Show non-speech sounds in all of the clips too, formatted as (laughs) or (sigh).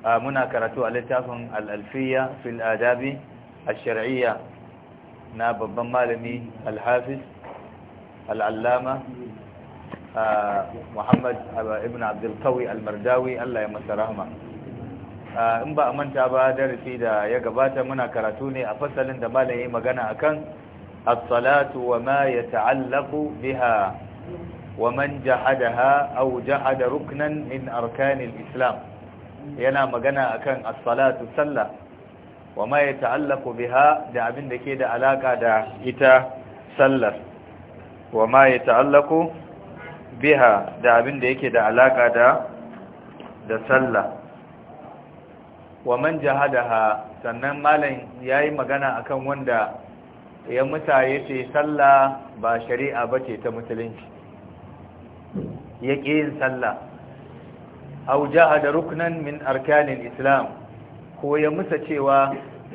muna karatu a littafin al'alfiya fil adabi a shari'iyya na babban malami alhafiz al'allama muhammad ibn abdulkawi almardawi allah ya masa rahama in ba a manta ba darasi da ya gabata muna karatu ne a fasalin da malami magana akan الصلاة وما يتعلق بها ومن جحدها أو جحد ركنا min أركان islam. yana magana akan as-salatu sallah wa ma yata'allaqu biha da abin da ke da alaka da ita sallar wa ma yata'allaqu biha da abin da yake da alaka da da sallah wa man jahadaha sannan malam yayi magana akan wanda ya muta yace sallah ba shari'a bace ta musulunci yake yin sallah aw da ruknan min arkanin islam ko ya musa cewa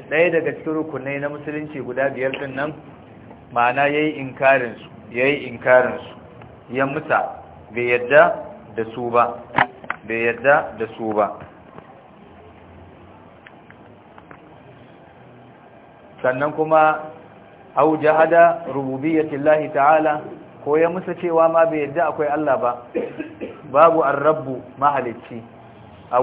ɗaya daga cikin rukunai na musulunci guda biyar din nan ma'ana yayi inkarin su yayi inkarin su ya musa bai yadda da su ba bai yadda da su ba sannan kuma au jahada rububiyyatillahi ta'ala ko ya musa cewa ma bai yadda akwai Allah ba babu an rabu mahalicci a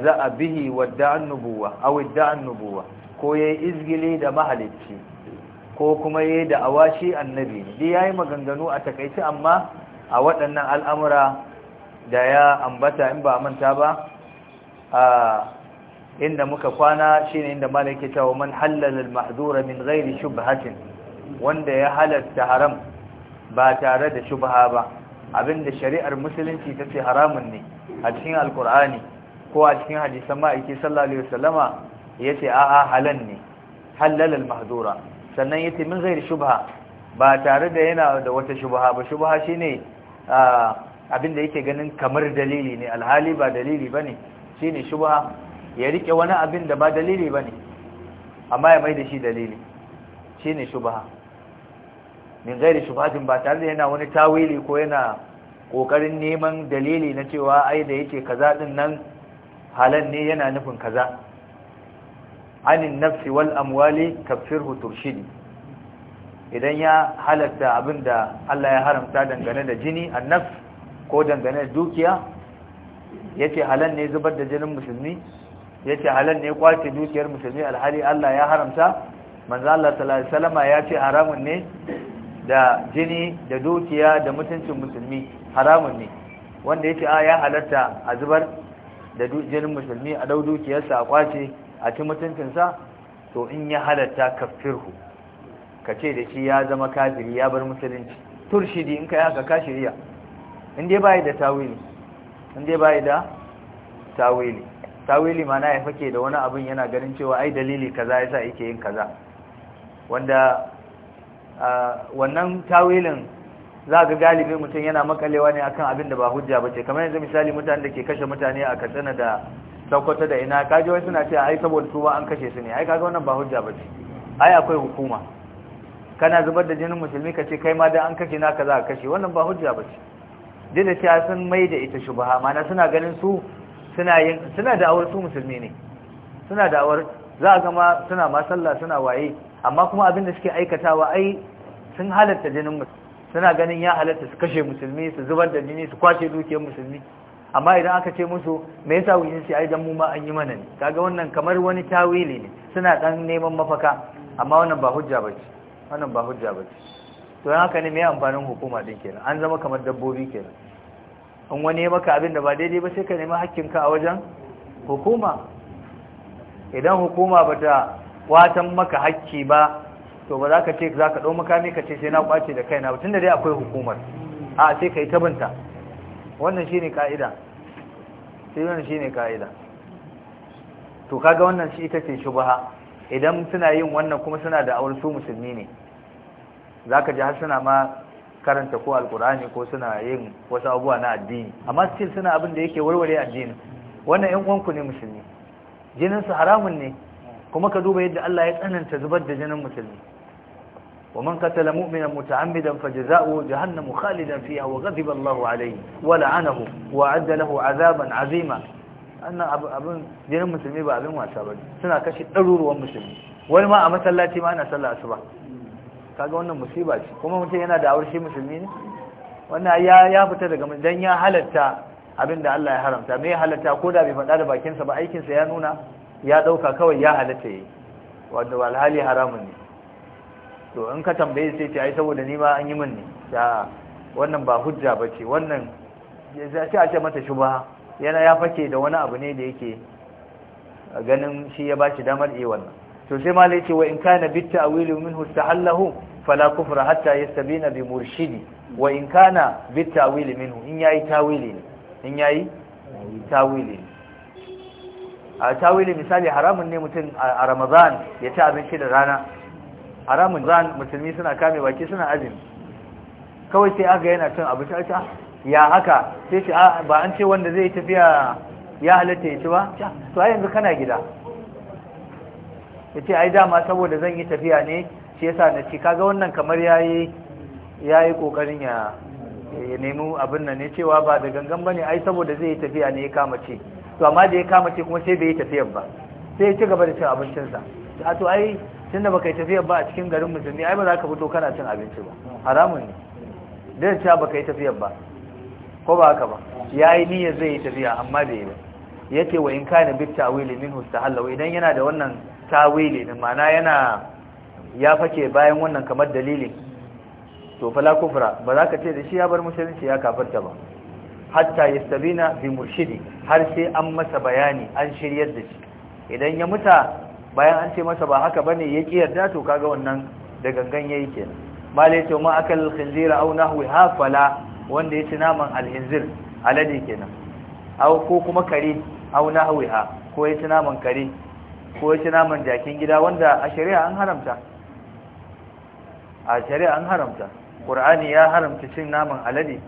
za a bihi wadda an-nubuwa aw idda an-nubuwa ko yayi izgili da mahalicci ko kuma yi da awashi annabi ne dai yi maganganu a takaici amma a waɗannan al'amura da ya ambata in ba manta ba a inda muka kwana shine inda malaki cewa man halala mahdura min gairi shubhatin wanda ya halatta haram ba tare da shubha ba abinda shari'ar musulunci ta ce haramun ne a cikin alkur'ani ko a cikin hadisan ma'aiki sallallahu alaihi wasallama ce a'a halal ne halal al-mahdura sannan ce min zai shubha ba tare da yana da wata shubha ba shubha shine abinda yake ganin kamar dalili ne alhali ba dalili ba ne, shi ne shubha ya rike wani abin da ba dalili ba ne, amma ya mai da shi dalili shi ne shubha min gairi shufatin ba tare da yana wani tawili ko yana kokarin neman dalili na cewa ai da yake kaza din nan halan ne yana nufin kaza anin nafsi wal amwali kafirhu turshidi idan ya halatta abinda Allah ya haramta dangane da jini annafs ko dangane da dukiya yace halan ne zubar da jinin musulmi yace halan ne kwace dukiyar musulmi alhali Allah ya haramta manzo Allah sallallahu alaihi ya yace haramun ne da jini da dukiya da mutuncin musulmi haramun ne wanda yake a ya halatta a zubar da jinin musulmi a dau dukiyarsa a kwace a ci mutuncinsa to in ya halatta kafirhu ka ce da shi ya zama kafiri ya bar musulunci turshidi in kai haka haka kashiriya in dai bai da tawili in dai bai da tawili tawili mana ya fake da wani abin yana ganin cewa ai dalili kaza yasa yake yin kaza wanda wannan tawilin za ga galibi mutum yana makalewa ne akan abin da ba hujja ba ce kamar yanzu misali mutane da ke kashe mutane a katsina da sakwata da ina kaji wai suna ce a saboda su ba an kashe su ne ai kaga wannan ba hujja ba ce ai akwai hukuma kana zubar da jinin musulmi ka ce kai ma da an kashe ka za a kashe wannan ba hujja ba ce duk da cewa sun mai da ita shubaha mana suna ganin su suna yin suna da'awar su musulmi ne suna da'awar. za a gama suna ma sallah suna waye amma kuma abin da suke aikatawa ai sun halatta jinin musulmi suna ganin ya halatta su kashe musulmi su zubar da jini su kwace dukiyar musulmi amma idan aka ce musu me yasa wujin sai ai dan mu ma an yi mana ne kaga wannan kamar wani tawili ne suna dan neman mafaka amma wannan ba hujja bace wannan ba hujja bace to yan haka ne me amfanin hukuma din kenan an zama kamar dabbobi kenan in wani ya maka abin da ba daidai ba sai ka nemi hakkinka a wajen hukuma idan hukuma bata kwatan maka hakki ba to ba za ka ce za ka ɗau makami ka ce sai na kwace da kaina tun da dai akwai hukumar a sai ka yi tabinta wannan shi ne ka'ida sai wannan shi ne ka'ida to kaga wannan shi ita ce shubaha idan suna yin wannan kuma suna da awar su musulmi ne za ka ji har suna ma karanta ko alkurani ko suna yin wasu abubuwa na addini amma still suna abin da yake warware addini wannan yan uwanku ne musulmi jininsu haramun ne kuma ka duba yadda Allah ya tsananta zubar da jinin musulmi wa man qatala mu'minan muta'ammidan fajza'uhu jahannamu khalidan fiha wa ghadiba Allahu alayhi wa la'anahu wa 'adda lahu 'azaban 'azima annan abin jinin musulmi ba abin wasa bane suna kashe ɗaruruwan musulmi wani ma a masallaci ma ana sallah asuba kaga wannan musiba ce kuma mutum yana da shi musulmi ne wannan ya ya fita daga dan ya halatta abin da Allah ya haramta me ya halatta ko da bai faɗa da bakinsa ba aikinsa ya nuna ya dauka kawai ya halatta yi wanda alhali haramun ne to in ka tambaye sai ce ai saboda ni ma an yi min ne ya wannan ba hujja ba ce. wannan ya ce a ce mata shubha yana ya fake da wani abu ne da yake ganin shi ya ba shi damar yi wannan to sai ma ce wa in kana bit ta'wili minhu Allahu! fala kufra hatta yastabina bi murshidi wa in kana bit ta'wili minhu in yayi tawili ne in yayi tawili a tawili misali haramun ne mutum a ramadan ya ci abinci da rana haramun zan musulmi suna kame baki suna azumi kawai sai aka yana cin abinci a ah, ya haka sai ce ah, ba an ce wanda zai tafiya ya halatta ya ci ba ah, to ai yanzu kana gida yace ai dama saboda zan yi tafiya ne shi yasa na ci kaga wannan kamar yayi yayi kokarin ya nemi abin nan ne cewa ba da gangan bane ai saboda zai yi tafiya ne ya kama ce to amma da ya kama ce kuma sai bai yi tafiyar ba sai ya ci gaba da cin abincinsa a to ai tun da baka yi tafiyar ba a cikin garin musulmi ai ba za ka fito kana cin abinci ba haramun ne dan cewa baka yi tafiyar ba ko ba haka ba ya yi niyyar zai yi tafiya amma bai yi ba ya ce wa in kana bi tawili min hustahalla idan yana da wannan tawili din ma'ana yana ya fake bayan wannan kamar dalilin to fala kufra ba za ka ce da shi ya bar musulunci ya kafarta ba hatta yastabina bi murshidi har sai an masa bayani an shiryar da shi idan ya muta bayan an ce masa ba haka bane ya ki yarda to kaga wannan da gangan yayi kenan malai to ma akal khinzira aw nahwi hafala wanda ya ci naman alhinzir alade kenan aw ko kuma kare aw ha ko ya ci naman kare ko ya ci naman jakin gida wanda a shari'a an haramta a shari'a an haramta qur'ani ya haramta cin naman alade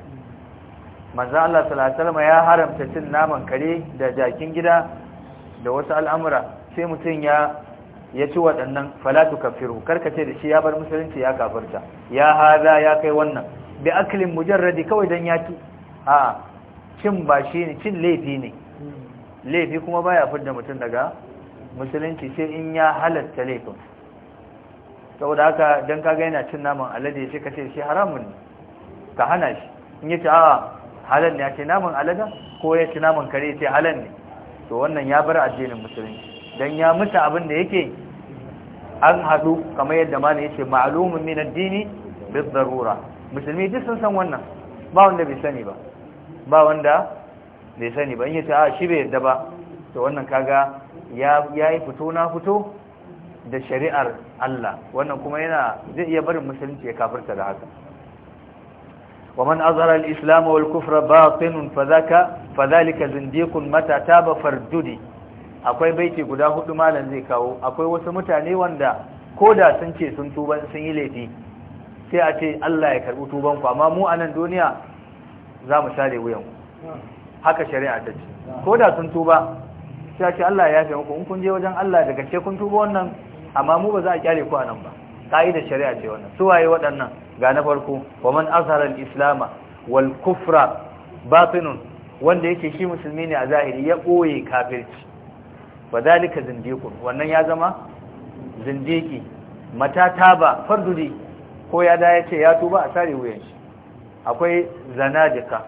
manzan Allah sallallahu ya haramta cin naman kare da jakin gida da wasu al'amura sai mutum ya ya ci waɗannan falatu kafiru karkace da shi ya bar musulunci ya kafarta ya haza ya kai wannan bi aklin mujarradi kawai dan ya ci a cin ba shi ne cin laifi ne laifi kuma baya fidda mutum daga musulunci sai in ya halatta laifin saboda haka dan kaga yana cin naman alade shi kace shi haramun ne ka hana shi in yace a halal ne ake naman alada ko ya ci naman kare ya ce halal ne to wannan ya bar addinin musulunci dan ya mutu abin da yake an hadu kamar yadda mana yace ma'lumun min addini bi darura musulmi duk sun san wannan ba wanda bai sani ba ba wanda bai sani ba in yace a shi bai yadda ba to wannan kaga ya yayi fito na fito da shari'ar Allah wannan kuma yana zai iya barin musulunci ya kafirta da haka ومن أظهر الإسلام والكفر باطن فذاك فذلك زنديق متى تاب فرددي akwai baiti guda hudu malam zai kawo akwai wasu mutane wanda koda sun ce sun tuba sun yi laifi sai a ce Allah ya karbi tuban ku amma mu a nan duniya za mu share wuyan haka shari'a ta ce koda sun tuba sai a ce Allah ya yafe muku in kun je wajen Allah daga ce kun tuba wannan amma mu ba za a kyale ku a nan ba ka'idar shari'a ce wannan su waye waɗannan ga na farko wa man azhara al-islama wal kufra batinun wanda yake shi musulmi ne a zahiri ya ɓoye kafirci wa zalika zindiqun wannan ya zama zindiki mata taba farduri ko ya da yace ya tuba a sare wuyan shi akwai zanadika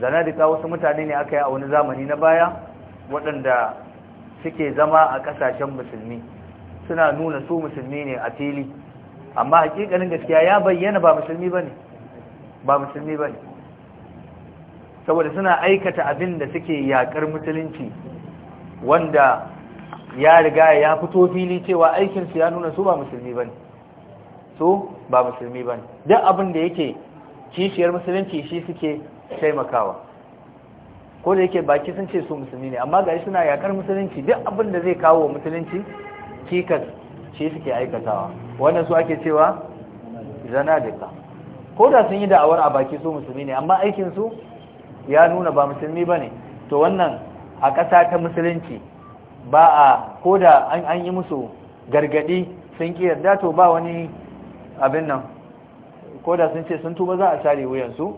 zanadika wasu mutane ne aka yi a wani zamani na baya waɗanda suke zama a ƙasashen musulmi suna nuna su musulmi ne a fili amma hakikalin gaskiya ya bayyana ba musulmi bane ba musulmi ne saboda suna aikata abin da suke yakar musulunci wanda ya riga ya fito fili cewa aikinsu ya nuna su ba musulmi bane su ba musulmi ne duk abin da yake kishiyar musulunci shi suke taimakawa ko da yake baki sun ce su musulmi ne amma gari suna yakar musulunci duk abin da zai kawo musulunci hakikar shi suke aikatawa wannan su ake cewa zanadika ko da sun yi da'awar a baki su musulmi ne amma aikin su ya nuna ba musulmi ba ne to wannan a ƙasa ta musulunci ba a ko da an yi musu gargadi sun ƙi yarda to ba wani abin nan ko da sun ce sun tuba za a share wuyansu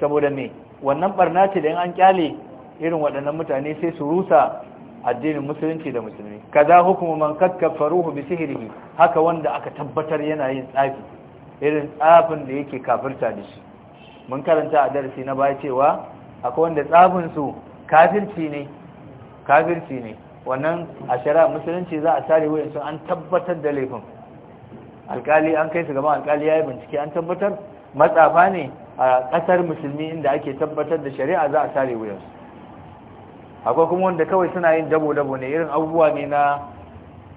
saboda me wannan barna ce da an kyale irin waɗannan mutane sai su rusa addinin musulunci da musulmi kaza hukumu man kakkafaruhu bi sihrihi haka wanda aka tabbatar yana yin tsafi irin tsafin da yake kafirta da shi mun karanta a darasi na baya cewa akwai wanda tsafin su kafirci ne kafirci ne wannan a shari'a musulunci za a tare wayan sun an tabbatar da laifin alkali an kai su gaban alkali yayi bincike an tabbatar matsafa ne a ƙasar musulmi inda ake tabbatar da shari'a za a tare wayan akwai kuma wanda kawai suna yin dabo-dabo ne irin abubuwa ne na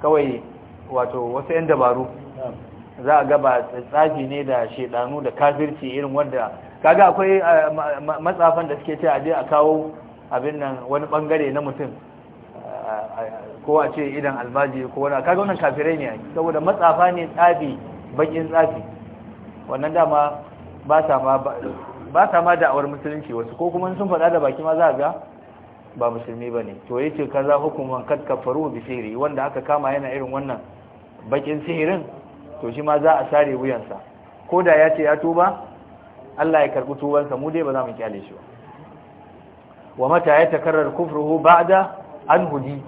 kawai wato wasu 'yan dabaru za a gaba tsafi ne da shedanu da kafirci irin wanda kaga akwai matsafan da suke ce a je a kawo abin nan wani bangare na mutum ko a ce idan albaji ko wani kaga wannan kafirai ne saboda matsafa ne tsafi bakin tsafi wannan dama ba sa ma da'awar musulunci wasu ko kuma sun faɗa da baki ma za a ga ba musulmi ba ne to yace kaza hukuman kad kafaru bi sihiri wanda aka kama yana irin wannan bakin sihirin to shi ma za a sare wuyansa ko da ya ce ya tuba Allah ya karbi tubansa mu dai ba za mu kyale shi ba wa mata ya takarrar kufruhu ba'da an hudi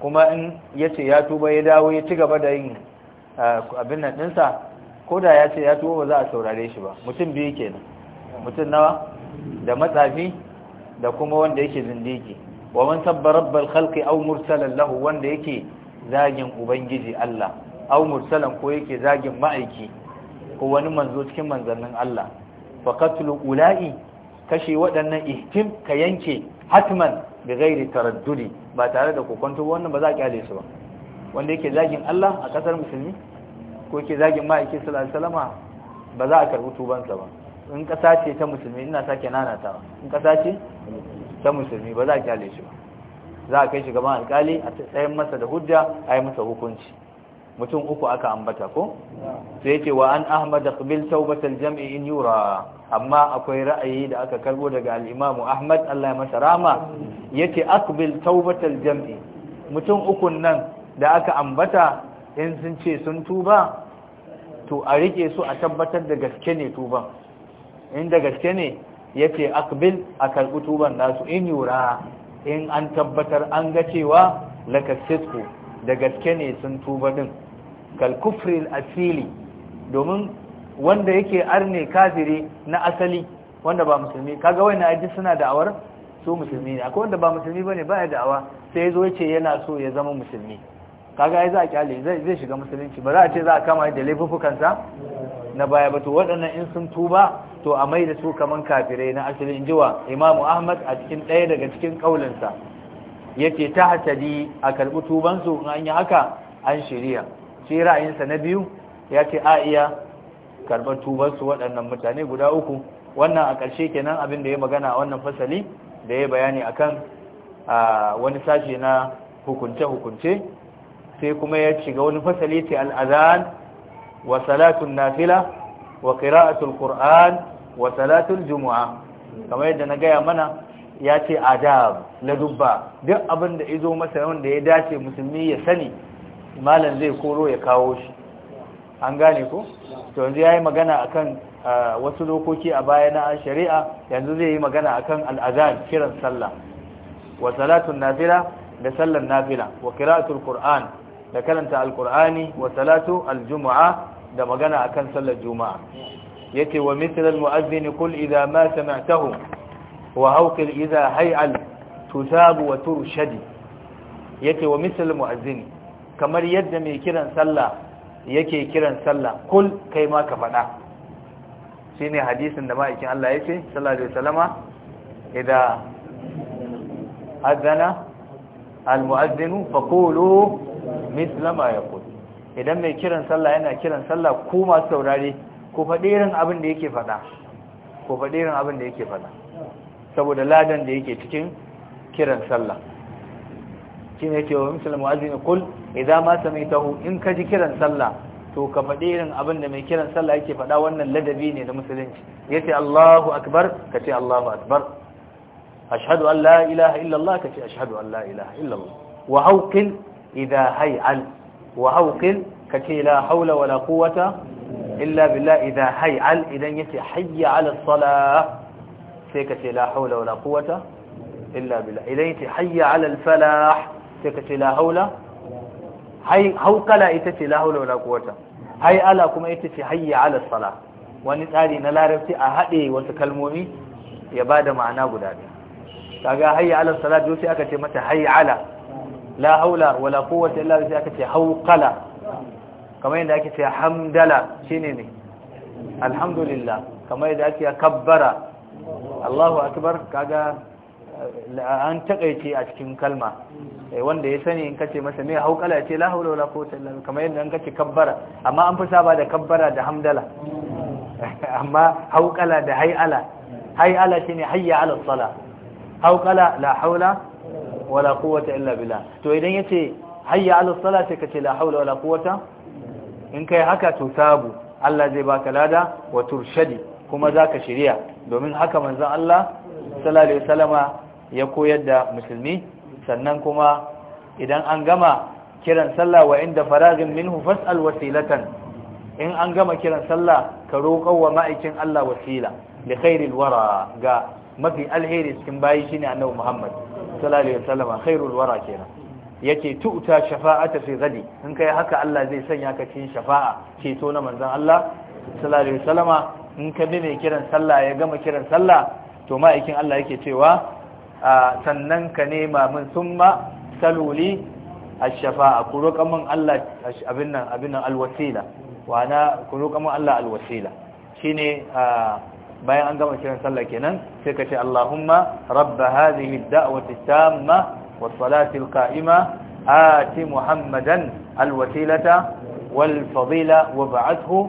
kuma in yace ya tuba ya dawo ya ci gaba da yin abin nan dinsa ko da ya ce ya tuba ba za a saurare shi ba mutum biyu kenan mutum nawa da matsafi da kuma wanda yake zindiki wa man sabba rabbal khalqi aw mursalan lahu wanda yake zagin ubangiji Allah aw mursalan ko yake zagin ma'aiki ko wani manzo cikin manzannin Allah fa qatlu ulai kashe waɗannan ihtim ka yanke hatman bi ghairi taraddudi ba tare da kokonto wannan ba za ka hale su ba wanda yake zagin Allah a kasar musulmi ko yake zagin ma'aiki sallallahu alaihi wasallama ba za a karbi tubansa ba in kasa ce ta musulmi ina sake nanatawa in kasa ce ta musulmi ba za a kyale shi ba za a kai shi gaban alkali a tsayin masa da hujja a yi masa hukunci mutum uku aka ambata ko sai yake wa an ahmad qabil taubatal jam'i in yura amma akwai ra'ayi da aka karbo daga al ahmad Allah ya masa rama yake aqbil taubatal jam'i mutum ukun nan da aka ambata in sun ce sun tuba to a rike su a tabbatar da gaske ne tuban in da gaske ne yace akbil a karɓi tuban nasu in yura in an tabbatar an ga cewa lakasitku da gaske ne sun tuba din kal asili domin wanda yake arne kafiri na asali wanda ba musulmi kaga wani aji suna da'awar su musulmi ne akwai wanda ba musulmi bane baya da'awa sai yazo yace yana so ya zama musulmi kaga ai za a kyale zai zai shiga musulunci ba za a ce za a kama da laifuffukansa na baya ba to waɗannan in sun tuba to a mai da su kaman kafirai na asali in jiwa imamu ahmad a cikin ɗaya daga cikin ƙaulinsa Yake ta hatari a karɓi tubansu in an yi haka an shirya shi ra'ayinsa na biyu ya ce a iya karɓar tubansu waɗannan mutane guda uku wannan a ƙarshe kenan abin da ya magana a wannan fasali da ya bayani akan wani sashe na hukunce-hukunce sai kuma ya shiga wani fasali ce al'azan wa salatun nafila wa qira'atul qur'an wa salatul jumu'a kamar yadda na gaya mana ya ce adab na dubba duk abin da izo masa wanda ya dace musulmi ya sani malam zai koro ya kawo shi an gane ko to yanzu yayi magana akan wasu dokoki a baya na shari'a yanzu zai yi magana akan al'azan kiran sallah wa salatun nafila da sallan nafila wa qira'atul qur'an da karanta alqur'ani wa salatu aljumu'a da magana akan sallar juma'a yace wa mithlal mu'adhdhin kul idha ma sami'tahu wa hawqil idha hay'al tusabu wa turshadi yace wa mithlal mu'adhdhin kamar yadda mai kiran sallah yake kiran sallah kul kai ma ka fada shine hadisin da ma'aikin Allah yace sallallahu alaihi wasallama idza adana al mu'adhdhin faqulu mithla ma yaqul idan mai kiran sallah yana kiran sallah ko masu saurare ko faɗi irin abin da yake faɗa ko faɗi irin abin da yake faɗa saboda ladan da yake cikin kiran sallah shine yake wa musulmi azin kul idan ma samitahu in ka ji kiran sallah to ka faɗi irin abin da mai kiran sallah yake faɗa wannan ladabi ne na musulunci yace Allahu akbar ka ce Allahu akbar ashadu an la ilaha illallah Allah ka ce ashadu an la ilaha illallah wa haukin idan hay'al wa hauqil kace la haula wala quwwata illa billah idha hay'al idan yace hayya 'ala as-salah sai kace la haula wala quwwata illa billah idan yace hayya 'ala al-falah sai kace la haula hay hauqala ita ce la haula wala quwwata hay ala kuma ita ce hayya 'ala as-salah wani tsari na larabci a hade wasu kalmomi ya bada ma'ana guda ɗaya kaga hayya 'ala as-salah dole sai aka ce mata hayya 'ala la haula wala quwwata illa billah aka ce kamar yadda ake ce hamdala shine ne alhamdulillah kamar yadda ake kabbara Allahu akbar kaga eh, an takaice a cikin kalma eh, wanda ya sani in kace masa me haukala ya ce la haula wala quwwata illa billah kamar yadda an kace kabbara amma an fi saba da kabbara da hamdala (laughs) amma haukala da hay'ala hay'ala shine hayya ala sala haukala la haula wala quwwata illa billah to idan yace hayya ala salat ka ce la haula wala quwwata in kai haka to sabu Allah zai baka lada wa turshadi kuma zaka shirya domin haka manzon Allah sallallahu alaihi wasallama ya koyar da musulmi sannan kuma idan an gama kiran sallah wa inda faragin minhu fas'al wasilatan in an gama kiran sallah ka roƙo wa ma'aikin Allah wasila li khairil wara ga mafi alheri cikin bayi shine annabi Muhammad sallallahu alaihi wasallam khairul wara kenan yace tu'ta shafa'ata fi gadi in kai haka Allah zai sanya ka cikin shafa'a ceto na manzon Allah sallallahu alaihi wasallama in ka bi mai kiran sallah ya gama kiran sallah to ma'aikin Allah yake cewa sannan ka nema min summa saluli ash-shafa'a ku roƙa min Allah abin nan abin nan alwasila wa ana ku roƙa min Allah alwasila wasila shine bayan an gama kiran sallah kenan sai ka ce Allahumma rabb hadhihi ad-da'wati tamma was-salati al-qa'ima ati Muhammadan al-wasilata wal-fadila wab'athu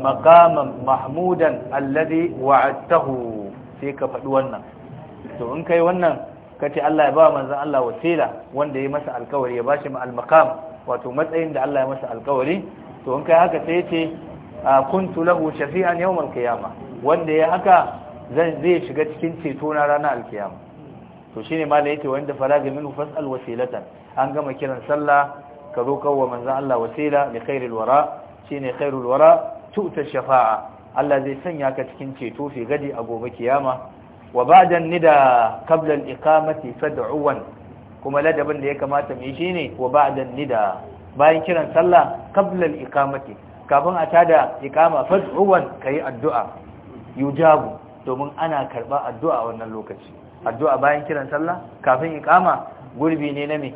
maqaman mahmudan alladhi wa'adtahu sai ka wannan to in kai wannan kace Allah ya ba manzon Allah wasila wanda ya masa alkawari ya bashi al-maqam wato matsayin da Allah ya masa alkawari to in kai haka sai yace kuntu lahu shafi'an yawm qiyamah wanda ya haka zai shiga cikin ceto na ranar alkiyama to shine ma da yake wanda faraga minhu fas'al wasilatan an gama kiran sallah ka zo kawo Allah wasila li kairi wara shine khairul wara tu'ta shafa'a Allah zai sanya ka cikin ceto fi gadi a gobe kiyama wa ba'da nida qabla al fad'uwan kuma ladabin da ya kamata mu yi shine wa ba'da nida bayan kiran sallah qabla al kafin a tada iqama fad'uwan kai addu'a yujabu domin ana karba addu'a a wannan lokaci addu'a bayan kiran sallah kafin iqama gurbi ne na me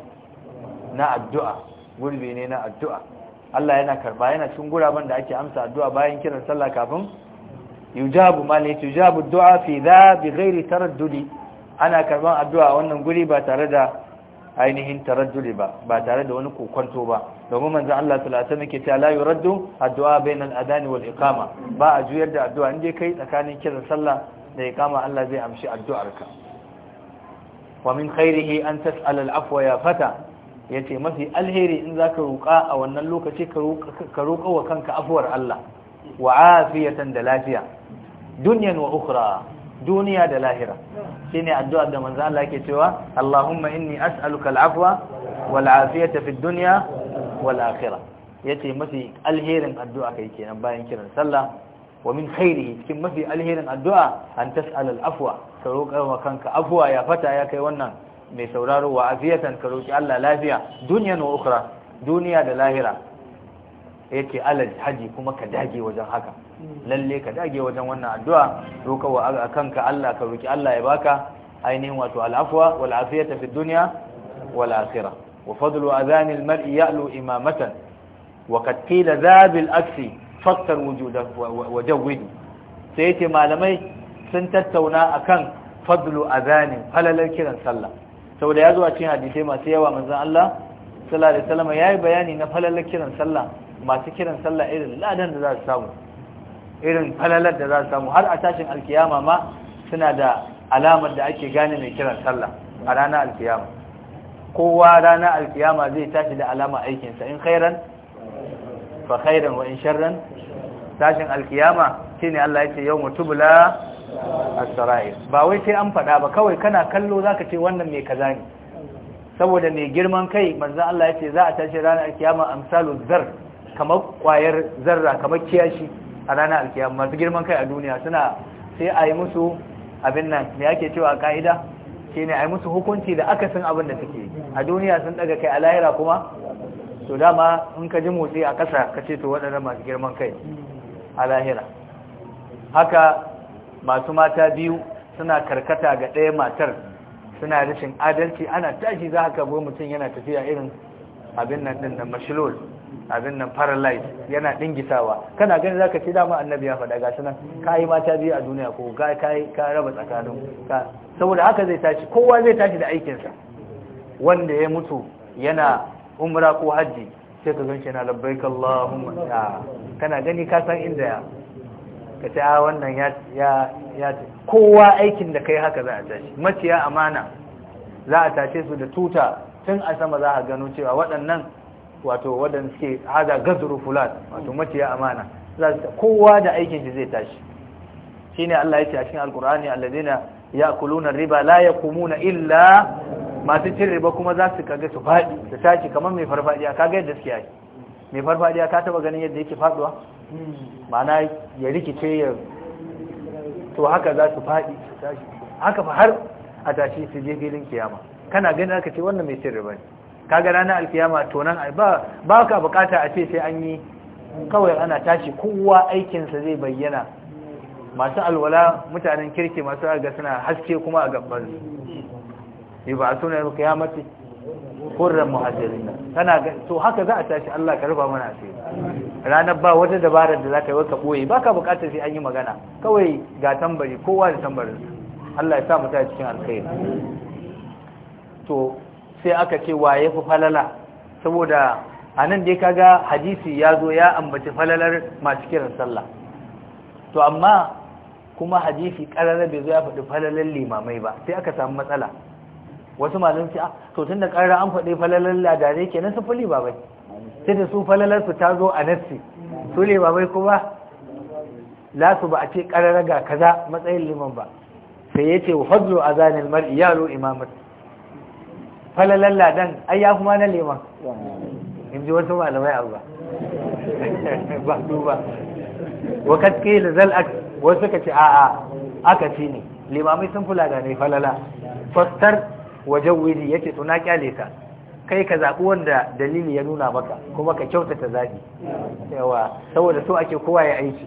na addu'a gurbi ne na addu'a Allah yana karba yana cikin guraben da ake amsa addu'a bayan kiran sallah kafin yujabu mali yujabu du'a fi dha bi ghairi taraddudi ana karban addu'a wannan guri ba tare da ainihin taraddudi ba ba tare da wani kokonto ba domin manzo Allah sallallahu alaihi wasallam ta la yuraddu addu'a bainal adani wal iqama ba a juyar da addu'a inde kai tsakanin kiran sallah da iqama Allah zai amshi addu'arka wa min khairihi an tas'al al afwa ya fata yace mafi alheri in zaka roƙa a wannan lokaci ka roƙa ka roƙa wa kanka afwar Allah wa afiyatan da lafiya dunyan wa ukhra duniya da lahira shine addu'ar da manzo Allah yake cewa Allahumma inni as'aluka al-afwa wal afiyata fid dunya wal akhirah yace mafi alherin addu'a kai kenan bayan kiran sallah wa min khairihi cikin mafi alherin addu'a an tas'al al-afwa ka roƙa wa kanka afwa ya fata ya kai wannan mai sauraro wa afiyatan ka roƙi Allah lafiya duniya na ukhra duniya da lahira yake alal haji kuma ka dage wajen haka lalle ka dage wajen wannan addu'a roka wa kanka Allah ka roki Allah ya baka ainihin wato al'afwa wal afiyata fid dunya wal akhirah wa fadlu adhan al mar'i ya'lu imamatan wa qad qila dhabil aksi faktar wujudan wa jawwid sai yace malamai sun tattauna akan fadlu adhan falalar kiran sallah saboda ya zo a cikin hadisi masu yawa manzon Allah sallallahu alaihi wasallam yayi bayani na falalar kiran sallah masu kiran sallah irin ladan da za su samu irin falalar da za su samu har a tashin alkiyama ma suna da alamar da ake gane mai kiran sallah a ranar alkiyama kowa ranar alkiyama zai tashi da alama aikinsa in khairan fa khairan wa in sharran tashin alkiyama shine Allah ya yau mutu tubla as ba wai sai an faɗa ba kawai kana kallo zaka ce wannan mai kaza ne saboda mai girman kai manzon Allah ya za a tashi ranar alkiyama amsalu zar kamar kwayar zarra kamar kiyashi a ranar alkiyar masu girman kai a duniya suna sai a yi musu abin nan me ake cewa ka'ida ka'ida ne a yi musu hukunci da akasin abin da suke a duniya sun daga kai a lahira kuma to dama in ka ji motsi a kasa ka ce to waɗannan masu girman kai a lahira haka masu mata biyu suna karkata ga ɗaya matar suna rashin adalci ana tashi za ka go mutum yana tafiya irin abin nan ɗin da mashilol abin nan paralyzed yana dingisawa kana gani zaka ce dama annabi ya faɗa ga sunan kai mata biyu a duniya ko ga kai ka raba tsakanin ka saboda haka zai tashi kowa zai tashi da aikin sa wanda ya mutu yana umra ko haji sai ka ganshi yana labbaik allahumma kana gani ka san inda ya ka ce a wannan ya ya ya kowa aikin da kai haka za a tashi maciya amana za a tashe su da tuta tun a sama za a gano cewa waɗannan wato waɗanda suke haza gazuru fulan wato maciya amana kowa da aikin shi zai tashi shine Allah ya ce a cikin alkur'ani alladina kuluna riba la kumuna illa masu cin riba kuma za su kaga su faɗi da tashi kamar mai farfadiya ga yadda suke yi mai farfadiya ka taba ganin yadda yake faduwa ma'ana ya rikice ya to haka za su faɗi su tashi haka fa har a tashi su je filin kiyama kana ganin aka ce wannan mai cin riba ne kaga ranar alkiyama to nan ba ka bukata a ce sai an yi kawai ana tashi kowa aikinsa zai bayyana masu alwala mutanen kirki masu aga suna haske kuma a gabban su ba suna yau kiyamati kurran muhajirin tana to haka za a tashi Allah ka rufa mana sai ranar ba wata dabarar da za zaka yi wata boye ka bukata sai an yi magana kawai ga tambari kowa da tambarin Allah ya sa mu ta cikin alkhairi to sai aka ce wa ya fi falala saboda a nan dai kaga hadisi ya zo ya ambaci falalar masu kiran sallah to amma kuma hadisi ƙararra bai zo ya faɗi falalar limamai ba sai aka samu matsala wasu malamci a ah, to tun da ƙararra an faɗi falalar ladare kenan sun ba bai sai da su falalar su ta zo a nassi su limamai kuma su ba a ce ƙararra ga kaza matsayin liman ba sai ya wa fadlu azanil mar'i yaro imamat falalan ladan ai ya kuma na lema in ji wasu malamai Allah ba duba wakat kila zal ak wasu ka ce a'a aka ci ne limamai sun fula da ne falala fastar wajen wuri ce suna kyale ka kai ka zaɓi wanda dalili ya nuna maka kuma ka kyautata zaɓi yawa saboda so ake kowa ya aiki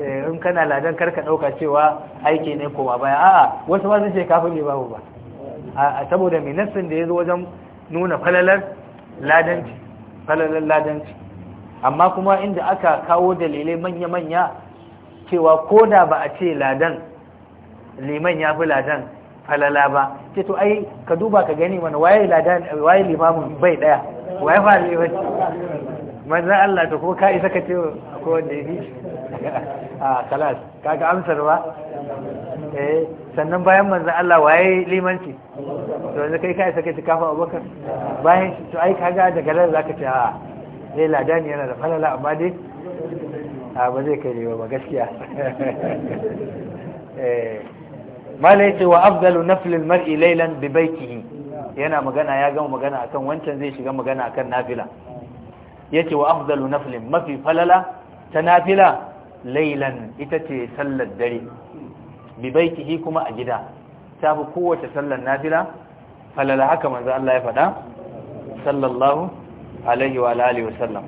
eh, in kana ladan karka ɗauka cewa aiki ne kowa baya a'a wasu ma zai ce kafin limamu ba saboda mai nassin da ya zo wajen nuna falalar ladanci falalar ladanci amma kuma inda aka kawo dalilai manya-manya cewa ko da ba a ce ladan liman ya fi ladan falala ba ce to ai ka duba ka gani mana waye ladan waye limamin bai daya waye fa liman manzo Allah to ko ka isa ka ce ko wanda yi a (laughs) ah, kalas kaga amsar ba eh sannan bayan manzo Allah waye limanci to yanzu kai kai sake tikafa abubakar bayan shi to ai kaga daga nan zaka ce a eh ladani yana da falala amma dai a ba zai kai ba gaskiya (laughs) eh mala yace wa afdalu nafl al mar'i laylan bi baytihi yana magana ya gama magana akan wancan zai shiga magana akan nafila yace wa afdalu nafl mafi falala ta nafila laylan ita ce sallar dare bi baytihi kuma a gida ta fi kowace sallar nafila falala haka manzo Allah ya faɗa sallallahu alaihi wa alihi wa sallam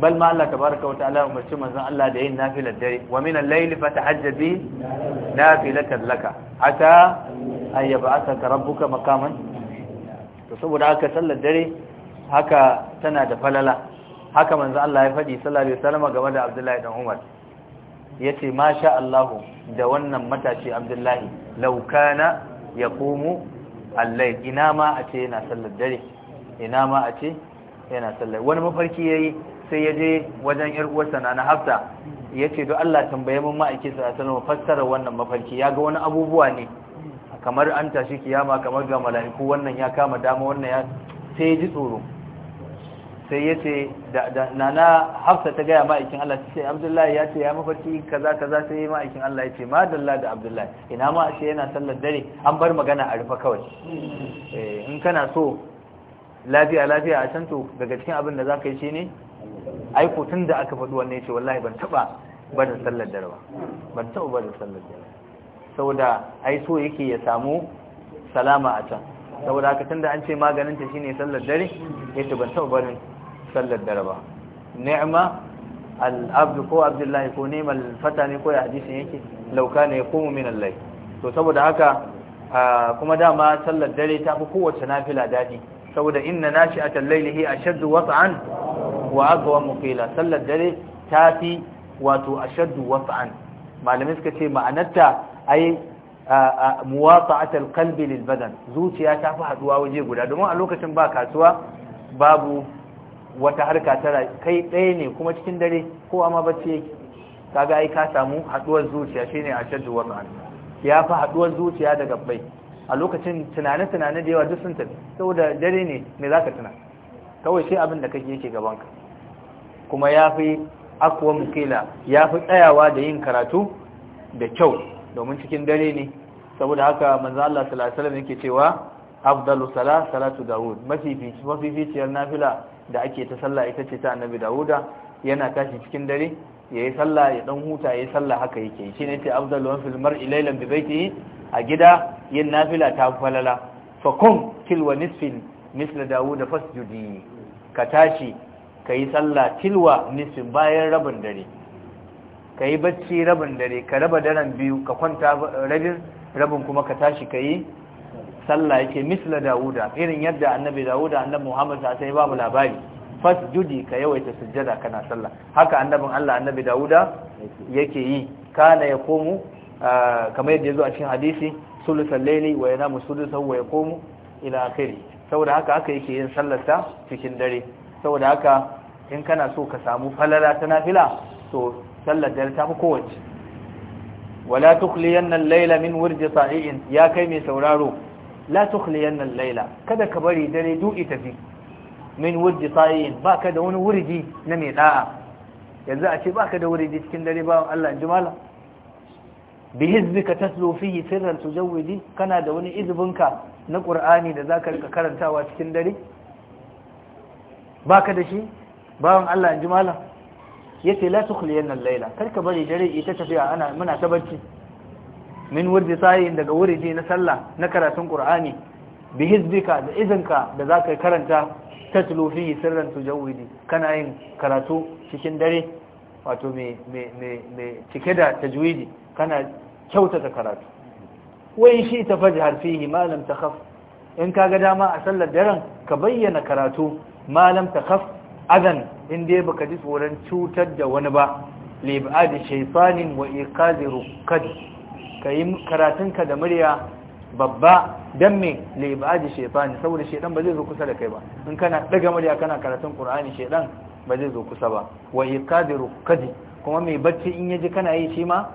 bal ma Allah tabaaraka wa ta'ala umarci manzo Allah da yin nafilar dare wa min al-layl fatahajjab bi nafilatan laka ata ayyabaka rabbuka maqaman to saboda haka sallar dare haka tana da falala haka manzo Allah ya faɗi sallallahu alaihi wa sallam game da Abdullahi dan Umar yace masha Allah da wannan matashi Abdullahi law kana ya komo allai ina ma a ce yana sallar dare ina ma a ce yana sallar wani mafarki ya yi sai ya je wajen yar uwarsa na ya ce do Allah tambaye mun ma'aikin sa sallallahu alaihi fassara wannan mafarki ya ga wani abubuwa ne kamar an tashi kiyama kamar ga mala'iku wannan ya kama dama wannan ya sai ji tsoro sai ya ce na hafsa ta gaya ma'aikin Allah ce abdullahi ya ce ya mafarki kaza kaza sai ma'aikin Allah ya ce ma da abdullahi ina ma ashe yana sallar dare an bar magana a rufa kawai eh, in kana so lafiya lafiya a canto daga cikin abin da za ka yi shi ne aiko tun da aka faɗi wannan ya ce wallahi ban taɓa barin sallar dare ba ban taɓa barin sallar dare saboda ai so yake ya samu salama a can saboda haka tun da an ce maganin ta shine sallar dare ya ce ban taɓa barin sallar dare ba ni'ma al-abd ko abdullahi ko ni'ma fata ne ko ya hadisin yake lauka ne yaqumu min al to saboda haka kuma dama sallar dare ta fi kowace nafila dadi saboda inna nashi'atal layli hi ashaddu wat'an wa aqwamu qila sallar dare ta fi wato ashaddu wat'an malamai suka ce ma'anarta ai muwata'atul qalbi lil badan zuciya ta fi haduwa waje guda domin a lokacin ba kasuwa babu wata harka tara kai ɗaya ne kuma cikin dare ko amma bacci yake kaga ai ka samu haɗuwar zuciya shine a shaddu wannan ya fa haduwar zuciya da gabbai a lokacin tunane tunane da yawa duk sun tafi saboda dare ne me zaka tuna kawai sai abin da kake yake gaban ka kuma ya yafi akwa mukila fi tsayawa da yin karatu da kyau domin cikin dare ne saboda haka manzo Allah sallallahu alaihi wasallam yake cewa afdalu salat salatu daud mafificiyar nafila da ake ta sallah ita ce ta annabi dawuda yana tashi cikin dare yayi sallah ya dan huta yayi yi sallah haka yake shi ne ce afdal wa fil mar'i laylan bi baitihi a gida yin nafila ta falala fa kum wa nisfin misla dawuda fasjudi ka tashi ka yi sallah tilwa nisfin bayan rabin dare ka yi bacci rabin dare ka raba daren biyu ka kwanta rabin rabin kuma ka tashi ka yi sallah yake misla dauda irin yadda annabi dauda annabi muhammad sa sai babu labari fasjudi ka yawaita sujjada kana sallah haka annabin Allah annabi dauda yake yi kana ya komu ah, kamar yadda yazo a cikin hadisi sulusul layli wa yanamu sulusahu wa ya komu ila akhiri saboda haka haka yake yin ta cikin dare saboda haka in kana so ka samu falala ta nafila to sallar dare ta fi kowace wala tukhliyanna al-layla min wurdi sa'iin ya kai mai sauraro la tukhliyanna al-laila kada ka bari dare du'i tafi min wujdi tayin baka da wani wuridi na mai da'a yanzu a ce baka da wuridi cikin dare ba Allah in jumala bi hizbika taslu fihi sirran tujawidi kana da wani izbinka na qur'ani da zaka rika karantawa cikin dare baka da shi bawan Allah in jumala yace la tukhliyanna al-laila kar ka bari dare ita tafiya ana muna ta min wurdi sayin daga wuridi na sallah na karatun qur'ani bi hizbika da izinka da zaka karanta tatlu fi sirran tujawidi kana yin karatu cikin dare wato me me me me cike da tajwidi kana kyautata karatu wai shi ta tafajhar fihi ma lam takhaf in kaga dama a sallar daren ka bayyana karatu ma lam takhaf adan in dai baka ji tsoron cutar da wani ba libadi shaytanin wa iqadiru ka yi karatunka da murya babba don me laibadi ne saboda shedan ba zai zo kusa da kai ba in kana daga murya kana karatun qur'ani shedan ba zai zo kusa ba wa kadiru kadi kuma mai bacci in yaji kana yi shi ma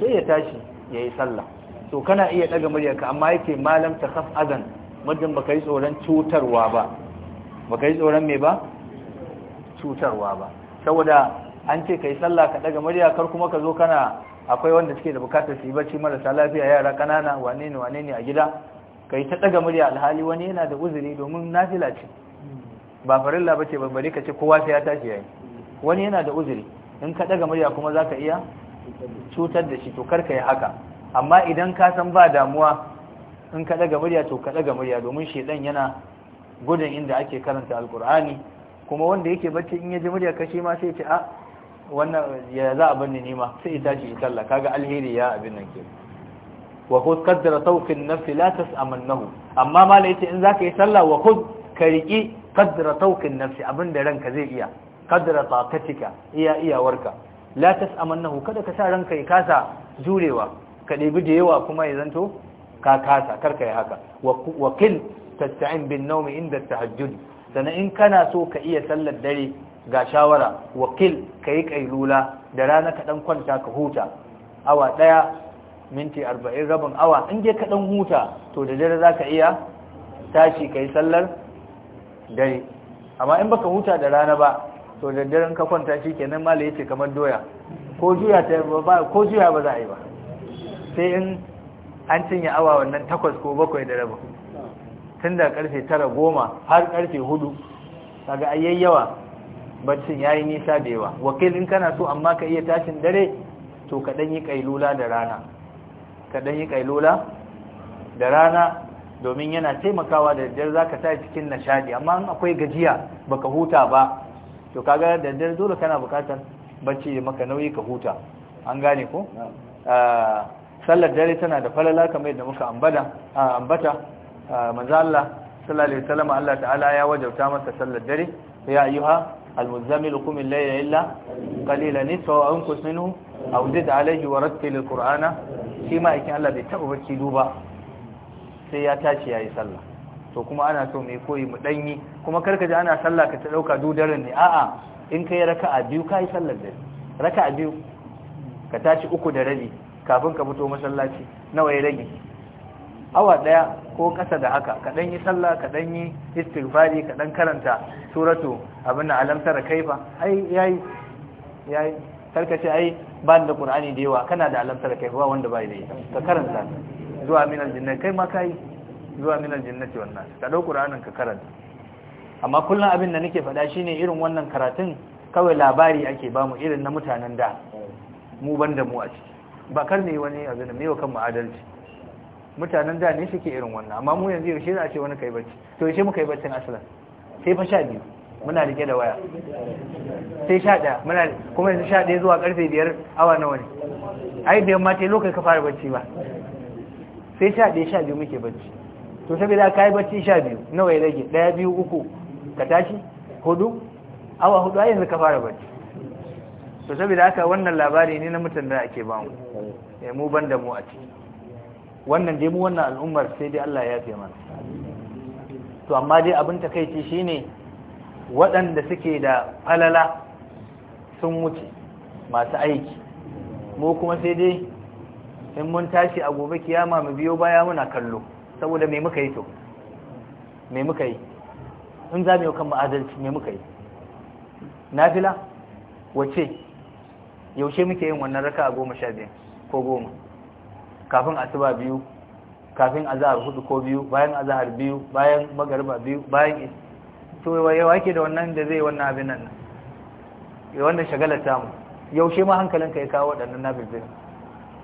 sai ya tashi ya yi sallah to kana iya daga muryarka amma yake malam ta kaf azan ba baka yi tsoron cutarwa ba baka yi tsoron me ba cutarwa ba saboda an ce ka yi sallah ka daga murya kar kuma ka zo kana akwai wanda suke da bukatar su yi bacci marasa lafiya yara kanana wane ne wane ne a gida ka yi ta daga murya alhali wani yana da uzuri domin nafila ce ba farilla ba ce bare ka ce kowa sai ya tashi yayi wani yana da uzuri in ka daga murya kuma za ka iya cutar da shi to kar ka yi haka amma idan ka san ba damuwa in ka daga murya to ka daga murya domin shedan yana gudun inda ake karanta alkur'ani kuma wanda yake bacci in ya ji murya kashi ma sai ce a ah, wannan ya za a bani nima sai ya tashi ya sallah kaga alheri ya abin nan ke wa khudh qadra tawqin nafsi la tas'amannahu amma malai ce in zaka yi sallah wa khudh ka riki qadra tawqin nafsi abinda ranka zai iya qadra taqatika iya iyawarka la tas'amannahu kada ka sa ranka ya kasa jurewa ka debi da yawa kuma ya zanto ka kasa karka yi haka wa qil tasta'in bin nawmi inda tahajjud sannan in kana so ka iya sallar dare ga shawara wakil ka yi ƙailula da rana ka ɗan kwanta ka huta awa ɗaya minti arba'in rabin awa in je ka ɗan huta to da dare za ka iya tashi ka yi sallar dare amma in baka huta da rana ba to da dare ka kwanta shi ke mala ya ce kamar doya ko juya ba za a yi ba sai in an cinye awa wannan takwas ko bakwai da rabin tun da karfe tara goma har karfe hudu kaga ayyayyawa baccin yayi nisa da yawa wakil in kana so amma ka iya tashin dare to ka dan yi kailula da rana ka dan yi kailula da rana domin yana taimakawa da daddare zaka tashi cikin nishadi amma in akwai gajiya baka huta ba to kaga da daddare dole kana bukatar bacci maka nauyi ka huta an gane ko ah, sallar dare tana da falala kamar yadda muka ambata ah, ambata ah, manzo Allah sallallahu alaihi wasallam Allah ta'ala ya wajabta masa sallar dare ya ayyuha المزمل قم الليل إلا قليلا نصفه أو انقص منه أو زد عليه ورتل القرآن shi ma aikin Allah bai taɓa bacci duba sai ya tashi yayi sallah to kuma ana so mai koyi mu danyi kuma karka ji ana sallah ka ta dauka dudaren ne a'a in kai raka'a biyu kai sallar da raka'a biyu ka tashi uku da rabi kafin ka fito masallaci nawa ya rage awa daya ko kasa da haka ka dan yi sallah ka dan yi istighfari ka dan karanta suratu abin alam tara kaifa ai yayi yayi karka ce ai ba da qur'ani da yawa kana da alam tara kaifa wanda bai da ita ka karanta zuwa min aljanna kai ma kai zuwa min aljannati wannan ka dau qur'anin ka karanta amma kullun abin da nake faɗa shine irin wannan karatun kawai labari ake bamu irin na mutanen da mu banda mu a ciki ba kar ne wani abin da wa kan mu adalci mutanen da ne suke irin wannan amma mu yanzu yaushe za a ce wani kai bacci to yaushe muka yi baccin asalan sai fa sha biyu muna rike da waya sai sha ɗaya muna kuma yanzu sha ɗaya zuwa ƙarfe biyar awa nawa ne ai da yamma tai lokaci ka fara bacci ba sai sha ɗaya sha biyu muke bacci to saboda ka yi bacci sha biyu nawa ya rage ɗaya biyu uku ka tashi hudu awa hudu ai yanzu ka fara bacci to saboda haka wannan labari ne na mutan da ake bamu eh, mu ban da mu a ciki wannan dai mu wannan al'ummar sai dai Allah ya yafe mana to amma dai abin takeici shine waɗanda suke da falala sun wuce masu aiki mu kuma sai dai in mun tashi a gobe kiyama mu biyo baya muna kallo saboda me muka yi to me muka yi in za mu yi kan adalci me muka yi nafila wace yaushe muke yin wannan raka a goma sha biyar ko goma kafin asuba biyu kafin azahar hudu ko biyu bayan azahar biyu bayan magariba biyu bayan to yawa yake da wannan da zai wannan abin nan ya wannan shagalar mu yaushe ma hankalinka ya kawo waɗannan na bibin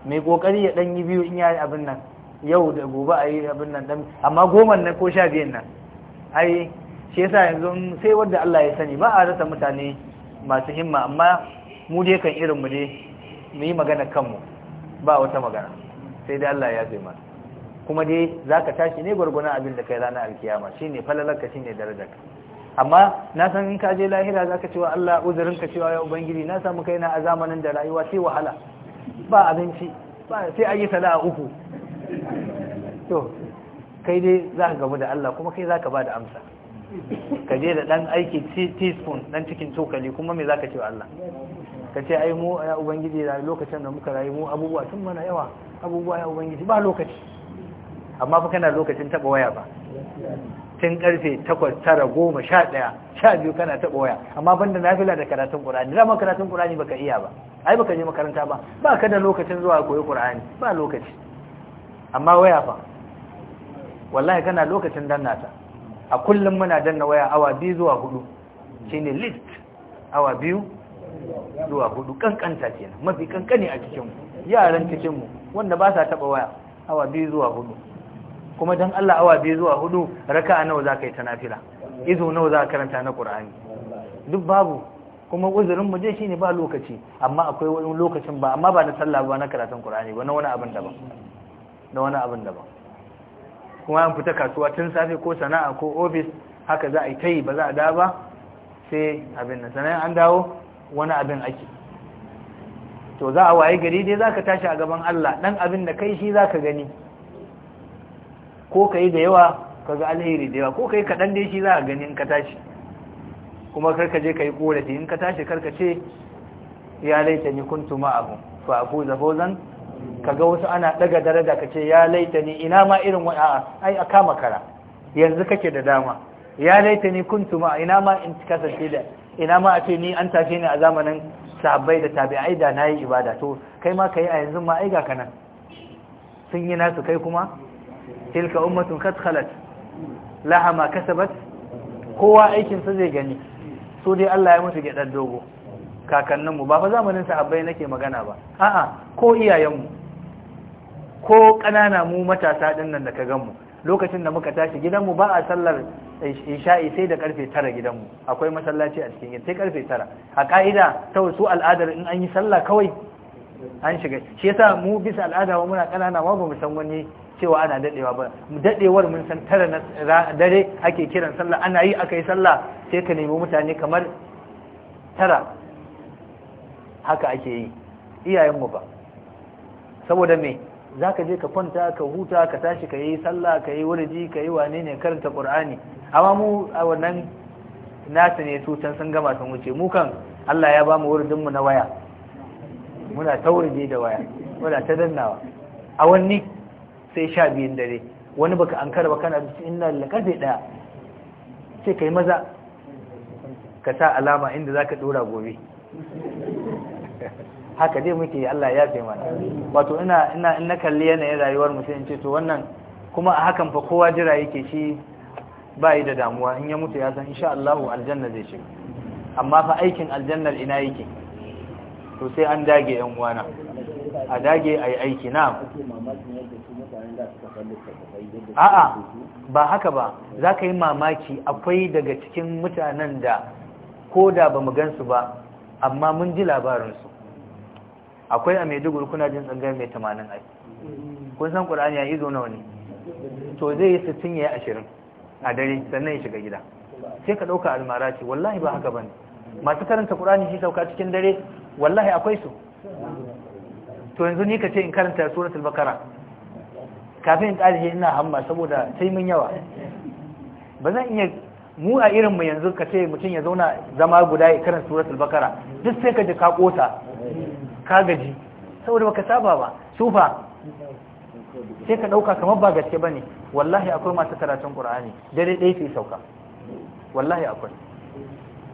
mai kokari ya ɗan yi biyu in yayi abin nan yau da gobe ayi abin nan dan amma goma nan ko sha biyan nan ai shi yasa yanzu sai wanda Allah ya sani ba a rasa mutane masu himma amma mu dai kan irin mu dai mu yi magana kanmu ba wata magana sai da Allah ya fi ma kuma dai zaka tashi ne gwargwana abin da kai ranar alkiyama shine falalarka ne darajar amma na san in ka je lahira zaka cewa Allah uzurin ka cewa ya ubangiji na samu kaina a zamanin da rayuwa sai wahala ba abinci ba sai ayi sala uku to kai dai zaka gamu da Allah kuma kai zaka ba da amsa ka je da dan aiki teaspoon dan cikin cokali kuma mai zaka ka cewa Allah ka ce ai mu ya ubangiji lokacin da muka rayu mu abubuwa sun mana yawa abubuwa ya ubangiji ba lokaci amma fa kana lokacin taba waya ba tun karfe 8 11 12 kana taba waya amma banda nafila da karatun Qur'ani dama karatun Qur'ani baka iya ba ai baka je makaranta ba ba ka da lokacin zuwa koyi Qur'ani ba lokaci amma waya fa wallahi kana lokacin danna ta a kullum muna danna waya awa biyu zuwa hudu shine list awa biyu zuwa hudu kankanta kenan mafi kankane a cikin yaran cikinmu wanda ba sa taɓa waya awa biyu zuwa hudu kuma don Allah awa biyu zuwa hudu raka nawa za ka yi ta nafila izo nawa za ka karanta na ƙur'ani duk babu kuma uzurin mu je shine ba lokaci amma akwai wani lokacin ba amma ba na sallah ba na karatun ƙur'ani ba na wani abin ba na wani abin ba kuma an fita kasuwa tun safe ko sana'a ko ofis haka za a yi tayi ba za a da ba sai abin nan sannan an dawo wani abin ake to za a waye gari dai zaka tashi a gaban Allah dan abin da kai shi zaka gani ko kai da yawa ka ga alheri da yawa ko kai kadan dai shi za a gani in ka tashi kuma karka je kai ƙorafi, in ka tashi karka ce ya laita ni kuntu ma'ahum fa fozan ka ga wasu ana daga daraja ce ya laita ni ina ma irin wa'a ai aka makara yanzu kake da dama ya laita ni kuntu ma ina ma in kasance da ina ma a ce ni an tashi ni a zamanin sahabbai da tabi'ai da nayi ibada to kai ma kai a yanzu ma ai ga kana sun yi nasu kai kuma tilka ummatun kat khalat laha ma kasabat kowa aikin sa zai gani so dai Allah ya mutu gidan dogo kakannin mu ba fa zamanin sahabbai nake magana ba a'a ko iyayen mu ko ƙanana mu matasa ɗinnan da ka ganmu. lokacin da muka tashi gidanmu ba a sallar isha'i sai da karfe tara gidanmu akwai masallaci a cikin sai karfe tara a ka'ida ta wasu al'adar in an yi sallah kawai an shiga shi yasa mu bisa al'ada wa muna kanana ma ba mu san wani cewa ana dadewa ba dadewar mun san tara na dare ake kiran sallah ana yi aka yi sallah sai ka nemi mutane kamar tara haka ake yi iyayenmu ba saboda me za ka je ka kwanta ka huta ka tashi ka yi sallah ka yi wurji ka yi wane ne karanta ƙur'ani amma mu a wannan nasu ne su can sun gama sun wuce mu kan Allah ya ba mu mu na waya muna ta wurje da waya muna ta dannawa a wani sai sha biyun dare wani baka an karba kana da inna lakafe ɗaya sai ka yi maza ka sa alama inda za ka ɗora gobe haka dai muke Allah ya fi mana wato ina ina ina kalli yanayin rayuwar mu sai in ce to wannan kuma a hakan fa kowa jira yake shi ba yi da damuwa in ya mutu ya san insha Allah aljanna zai shiga amma fa aikin aljannar ina yake to sai an dage yan uwana a dage a yi aiki na a'a ba haka ba za ka yi mamaki akwai daga cikin mutanen da ko da ba mu gansu ba amma mun ji labarinsu akwai a maiduguri kuna jin tsangar mai tamanin ai kun san ƙur'ani ya izo nawa ne to zai yi sittin ya yi ashirin a dare sannan ya shiga gida sai ka ɗauka almara ce wallahi ba haka bane masu karanta ƙur'ani shi sauka cikin dare wallahi akwai su to yanzu ni ka ce in karanta suratul bakara kafin in ƙarshe ina hamma saboda sai mun yawa ba zan iya mu a irinmu yanzu ka ce mutum ya zauna zama guda ya karanta suratul bakara duk sai ka ji ka kota ka gaji saboda baka saba ba sufa sai ka dauka kamar ba gaske bane wallahi akwai masu karatun qur'ani dare dai sai sauka wallahi akwai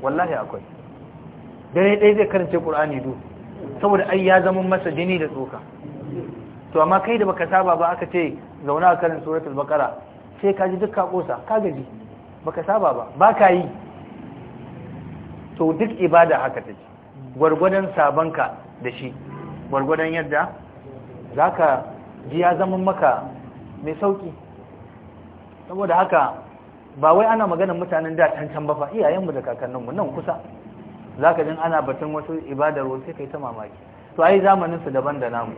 wallahi akwai dare dai zai karance qur'ani du saboda ai ya zama masa jini da tsoka to amma kai da baka saba ba aka ce zauna a karin suratul baqara sai ka ji duk ka kosa ka gaji baka saba ba ba ka yi to duk ibada haka take gwargwadon sabanka da shi gwargwadon yadda za ka ji ya zama maka mai sauki saboda haka ba wai ana maganin mutanen da can ba fa iyayenmu da kakanninmu nan kusa za ka jin ana batun wasu ibadar wasu kai ta mamaki to ai zamaninsu daban da namu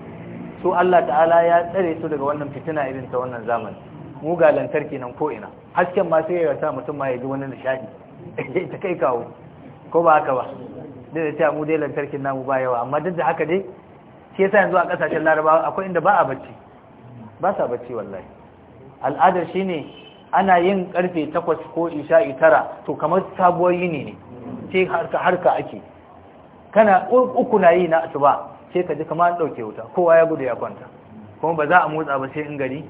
su Allah ta'ala ya tsare su daga wannan fitina irin ta wannan zamani mu ga lantarki nan ko hasken ma sai ya sa mutum ma ya ji wani nishadi (laughs) ta kai kawo ko ba haka ba da ta mu dai lantarkin namu ba yawa amma duk da haka dai shi yasa yanzu a kasashen larabawa akwai inda ba a bacci ba sa bacci wallahi al'adar shine ana yin karfe 8 ko isha'i 9 to kamar sabuwar yini ne ce harka harka ake kana uku na yi na asuba sai ka ji kamar an dauke wuta kowa ya gudu ya kwanta kuma ba za a motsa ba sai in gari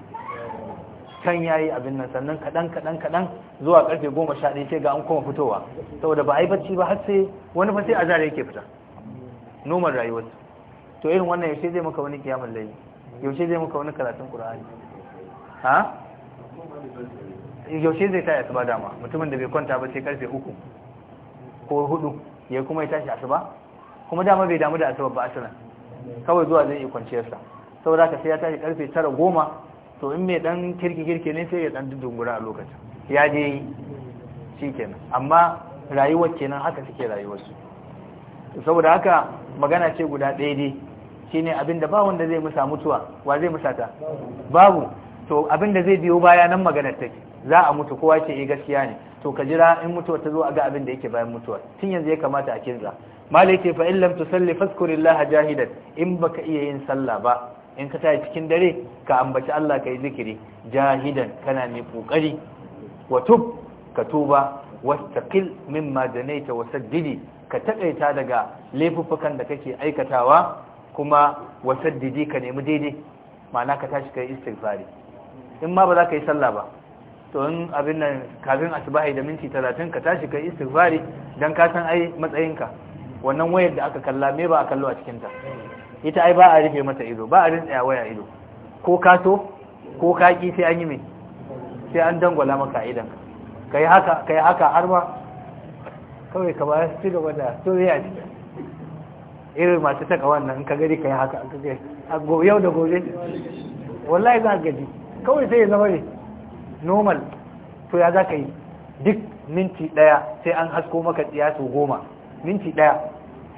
can yi abin nan sannan kaɗan kaɗan kaɗan zuwa karfe goma sha ɗaya sai ga an koma fitowa saboda ba a yi bacci ba har sai wani fa sai a zare yake fita noman rayuwar to irin wannan yaushe zai maka wani kiyamun layi yaushe zai maka wani karatun qur'ani ha yaushe zai tashi asuba dama mutumin da bai kwanta ba sai karfe uku ko hudu ya kuma ya tashi asuba kuma dama bai damu da asuba ba asalan kawai zuwa zai iya kwanciyarsa saboda ka sai ya tashi karfe tara goma to in mai dan kirki kirki ne sai ya dan dungura a lokacin ya je shi kenan amma rayuwar kenan haka suke rayuwarsu saboda haka magana ce guda ɗaya dai shine abin da ba wanda zai musa mutuwa wa zai musata babu to abin da zai biyo baya nan maganar take za a mutu kowa ce ya eh, gaskiya ne to ka jira in mutuwa ta zo a ga abin da yake bayan mutuwa tun yanzu ya kamata a kinza malai ce fa in lam tusalli fazkurillaha jahidan in baka iya yin sallah ba in ka tayi cikin dare ka ambaci Allah ka yi zikiri jahidan kana mai kokari wa tub ka tuba wastaqil mimma janaita wasaddidi ka takaita daga laifuffukan da kake aikatawa kuma wasaddidi ka nemi daidai ma'ana ka tashi kai istighfari in ma ba za ka yi sallah ba to in abin nan kafin asbahi da minti talatin ka tashi kai istighfari dan ka san ai matsayinka wannan wayar da aka kalla me ba a kallo a cikin ta ita ai ba a rufe mata ido ba a rintsaya waya ido ko ka ko ka ki sai an yi mai sai an dangwala maka idan ka yi haka kai haka har ma kawai ka ba su ci gaba da to ya ci irin masu taka wannan in ka gari kai yi haka an kaje a yau da gobe wallahi za ka gaji kawai sai ya zama ne normal to ya za ka yi duk minti daya sai an hasko maka tsiya goma minti daya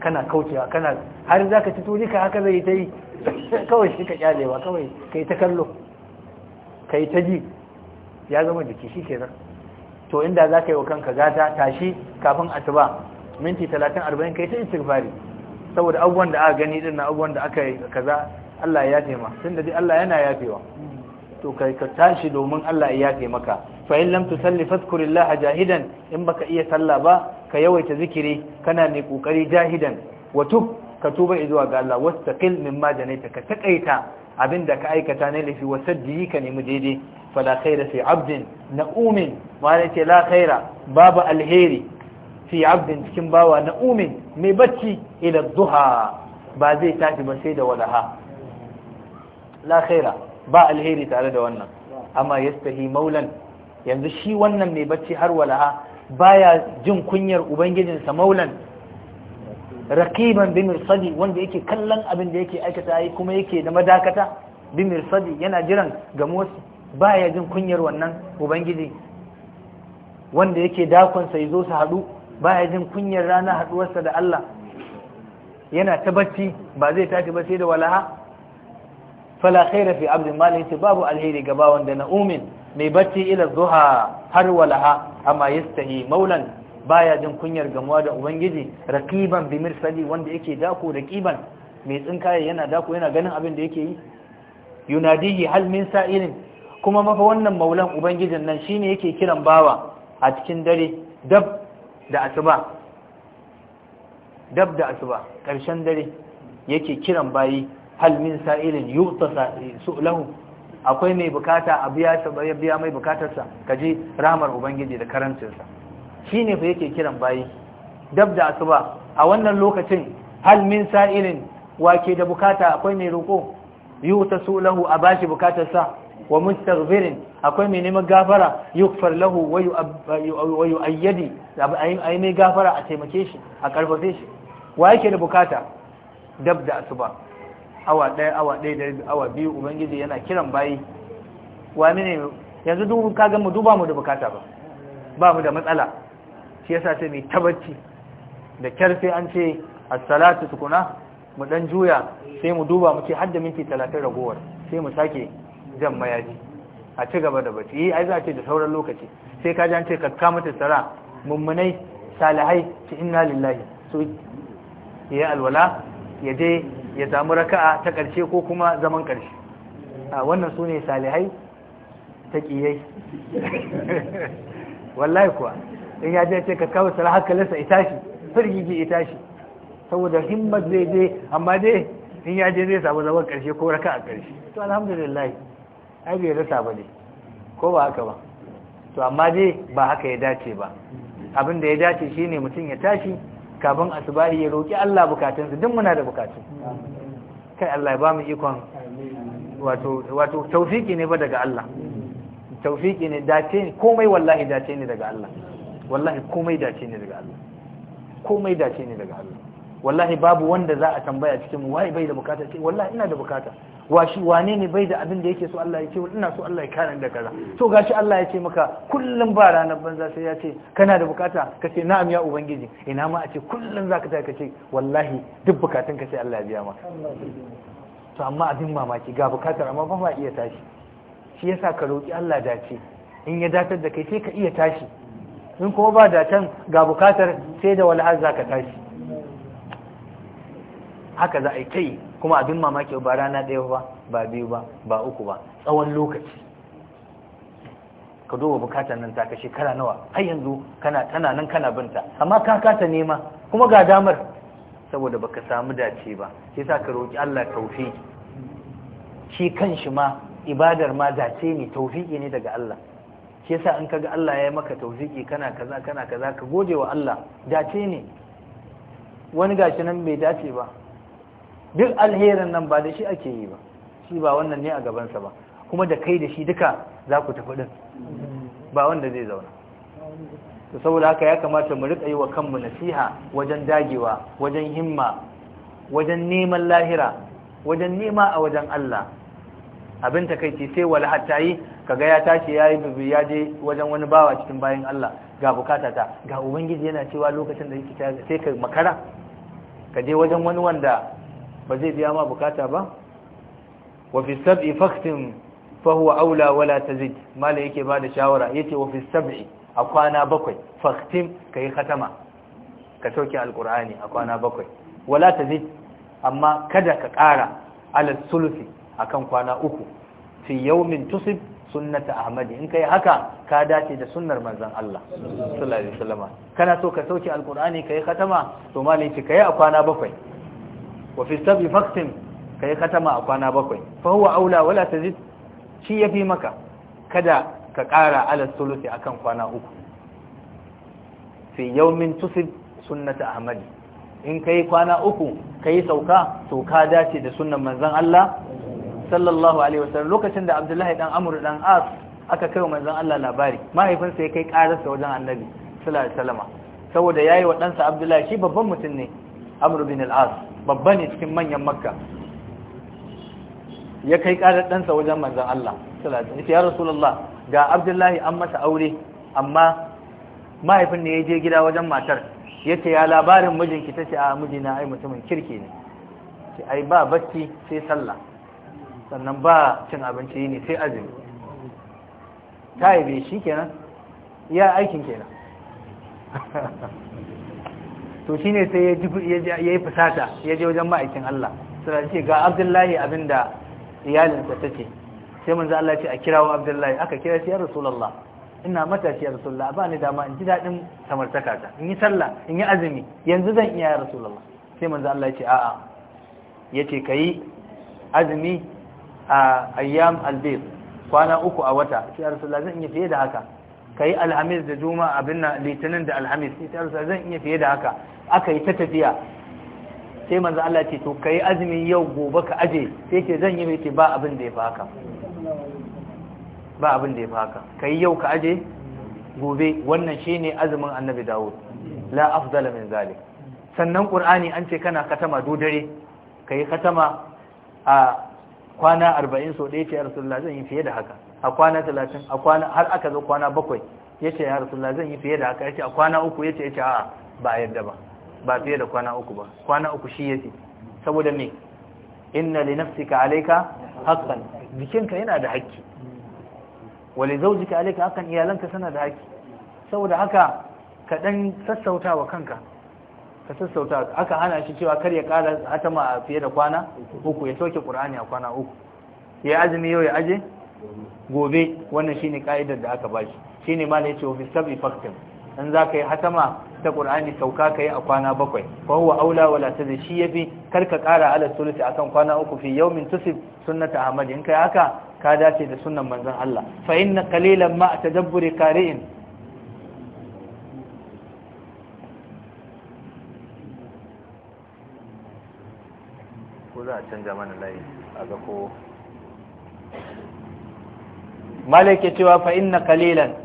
kana kaucewa kana har za ka ci turi ka haka zai ta yi kawai shi ka kyalewa kawai ka yi ta kallo ka yi ta ji ya zama jiki shi kenan to inda za ka yi wa kanka gata tashi kafin asuba minti talatin arba'in ka yi ta istighfari saboda abubuwan da aka gani din na abubuwan da aka yi kaza Allah ya tema tun dai Allah yana yafewa to kai ka tashi domin Allah ya yafe maka fa in lam tusalli jahidan in baka iya sallah ba ka yawaita zikiri kana ne kokari jahidan wa tub ka tuba zuwa ga Allah wastaqil mimma janaita ka takaita abinda ka aikata ne lafi wasaddi ka nemi daidai fala khaira fi abdin na'umin wala ce la khaira babu alheri fi abdin cikin bawa na'umin mai bacci ila duha ba zai tashi ba sai da walaha la khaira ba alheri tare da wannan amma yastahi maulan yanzu shi wannan mai bacci har walaha baya jin kunyar sa maulan raqiban bi mirsadi wanda yake kallon abin da yake aikata yi kuma yake da madakata bi mirsadi yana jiran ga motsi baya jin kunyar wannan ubangiji wanda yake dakon sa yazo su hadu baya jin kunyar rana haɗuwarsa da Allah yana ta bacci ba zai tashi ba sai da walaha fala khaira fi abdin mali yace babu alheri ga bawan da mai bacci ila zuha har walaha amma yastahi maulan baya jin kunyar gamuwa da ubangiji raqiban bi mirsali wanda yake dako raqiban mai tsinkaye yana dako yana ganin abin da yake yi yunadihi hal min sa'ilin kuma maka wannan maulan ubangijin nan shine yake kiran bawa a cikin dare dab da asuba dab da asuba karshen dare yake kiran bayi hal min sa'ilin yuqtasa su'lahu akwai mai bukata a biya sa biya mai bukatarsa kaje rahmar ubangiji da Shi shine fa yake kiran bayi dab asuba a wannan lokacin hal min sa'ilin wake da bukata akwai mai roko yuqtasu lahu a bashi bukatarsa wa mustaghfirin akwai mai neman gafara yughfar lahu wa yu'ayyadi ai mai gafara a taimake shi a karfafe shi wa yake da bukata dab da asuba awa ɗaya awa ɗaya da awa biyu ubangiji yana kiran bayi wa mene yanzu duk ka mu duba mu da bukata ba ba mu da matsala shi yasa sai mai tabbaci da sai an ce as-salatu tukuna mu dan juya sai mu duba mu ce har da minti 30 ragowar sai mu sake jan mayaji a ci gaba da bacci yi ai za ce da sauran lokaci sai ka ji an ce ka kama ta tsara mummunai salihai ci inna lillahi so ya alwala ya je ya samu raka'a ta ƙarshe ko kuma zaman ƙarshe a wannan su ne salihai ta ƙiyai (laughs) wallahi kuwa in ya je ce ka kawo salahaka lasa ita shi firgigi ita shi saboda himmat zai je amma dai in ya je zai samu zaman ƙarshe ko raka'a ƙarshe to alhamdulillah ai bai rasa ba ne ko ba haka ba to amma dai ba haka ya dace ba abin da ya dace shine mutum ya tashi kafin asibari ya roƙi Allah bukatunsa duk muna da bukatu kai Allah ya ba mu ikon wato taufiki ne ba daga Allah taufiki ne dace ne komai wallahi dace ne daga Allah wallahi komai dace ne daga Allah komai dace ne daga Allah wallahi babu wanda za a tambaya cikin mu wai bai da bukata ce wallahi ina da bukata washi wane ne bai da abin da yake so Allah ya ce ina so Allah ya kare da kaza to gashi Allah ya ce maka kullun ba ranar banza sai ya ce kana da bukata ka ce na'am ya ubangiji ina ma a ce kullun zaka ta ka ce wallahi duk bukatun ka sai Allah ya biya ma to amma abin mamaki ga bukatar amma ba ma iya tashi shi yasa ka roki Allah dace in ya datar da kai sai ka iya tashi in kuma ba datan ga bukatar sai da wal'ar zaka tashi haka za a yi kai kuma abin mamaki ba rana ɗaya ba ba biyu ba ba uku ba tsawon lokaci ka duba bukatar nan taka shekara nawa har yanzu kana tana nan kana binta amma ka kasa nema kuma ga damar saboda baka samu dace ba shi sa ka roki Allah tawfiki shi kanshi ma ibadar ma dace ne tawfiki ne daga Allah shi yasa in kaga Allah ya maka tawfiki kana kaza kana kaza ka gode wa Allah dace ne wani gashi nan bai dace ba duk alherin nan ba da shi ake yi ba shi ba wannan ne a gabansa ba kuma da kai da shi duka za ku tafi din, ba wanda zai zauna to saboda haka ya kamata mu riƙa yi wa kanmu nasiha wajen dagewa wajen himma wajen neman lahira wajen nema a wajen Allah abin ta takaici sai wala hatta yi kaga ya tashi yayi bibi ya je wajen wani bawa cikin bayan Allah ga bukata ta ga ubangiji yana cewa lokacin da yake sai ka makara ka je wajen wani wanda ba zai biya ma bukata ba wa fi sab'i faktin fa huwa aula wala tazid mala yake ba da shawara yace wa fi sab'i a kwana bakwai faktin kai khatama ka sauke alqur'ani a kwana bakwai wala tazid amma kada ka ƙara ala sulusi akan kwana uku fi yawmin tusib sunnata ahmadi in kai haka ka dace da sunnar manzon Allah sallallahu alaihi wasallam kana so ka sauke alqur'ani kai khatama to malai ce kai a kwana bakwai wa fi sabi faktin ka yi katama a kwana bakwai fa huwa aula wala ta zid shi ya fi maka kada ka ƙara ala sulusi akan kwana uku fi yawmin tusib sunnata ahmad in yi kwana uku ka yi sauka to ka dace da sunan manzan Allah sallallahu alaihi wasallam lokacin da Abdullahi dan Amur dan As aka kai manzan Allah labari mahaifinsa ya kai ƙararsa wajen Annabi sallallahu alaihi wasallam saboda yayi wa ɗansa Abdullahi shi babban mutum ne amr bin al-as babba ne cikin manyan makka ya kai karar ɗansa wajen manzon Allah sallallahu alaihi ya rasulullah ga abdullahi an masa aure amma mahaifin ne ya je gida wajen matar ya ce ya labarin mijinki ta ce a mijina ai mutumin kirki ne ce ai ba bacci sai sallah sannan ba cin abinci ne sai azumi ta be shi kenan ya aikin kenan (laughs) to shine sai ya yi fusata ya je wajen ma'aikin Allah sai ce ga Abdullahi abinda iyalinsa ta ce sai manzo Allah ce a kirawo Abdullahi aka kira shi ya Rasulullah ina matashi ya Rasulullah ba ni dama in ji dadin samartaka ta in yi sallah in yi azumi yanzu zan iya ya Rasulullah sai manzo Allah ya ce a'a yace kai azumi a ayyam albayt kwana uku a wata sai ya Rasulullah zan iya fiye da haka ka yi alhamis da juma abin na litinin da alhamis Rasulullah zan iya fiye da haka aka yi ta tafiya sai manzo Allah ce to kai azumin yau gobe ka aje sai ce zan yi ce ba abin da ya fi haka ba abin da ya faka kai yau ka aje gobe wannan shine azumin annabi Dawud la afdala min zalik sannan qur'ani an ce kana katama do dare kai katama a kwana 40 so dai ce rasulullah zan yi fiye da haka a kwana 30 a kwana har aka zo kwana bakwai yace ya rasulullah zan yi fiye da haka yace a kwana uku yace yace a'a ba yadda ba ba fiye da kwana uku ba kwana uku shi yake saboda me inna li nafsika alayka haqqan jikinka yana da haƙƙi wa li zawjika alayka haqqan iyalanka suna da haƙƙi saboda haka ka dan sassautawa kanka ka sassauta aka hana shi cewa kar ya ƙara hatama a fiye da kwana uku ya soke qur'ani a kwana uku ya azumi yau ya aje gobe wannan shine kaidar da aka bashi shine malai yace fi sab'i faktin in ka yi hatama ta Qur'ani sauka kai a kwana bakwai fa huwa aula wala tazi shi yafi karka kara ala sulusi akan kwana uku fi yawmin tusib sunnata ahmad in kai haka ka dace da sunnan manzon Allah fa inna qalilan ma tadabburi qari'in ko za a canja mana layi a ga ko malaka cewa fa inna qalilan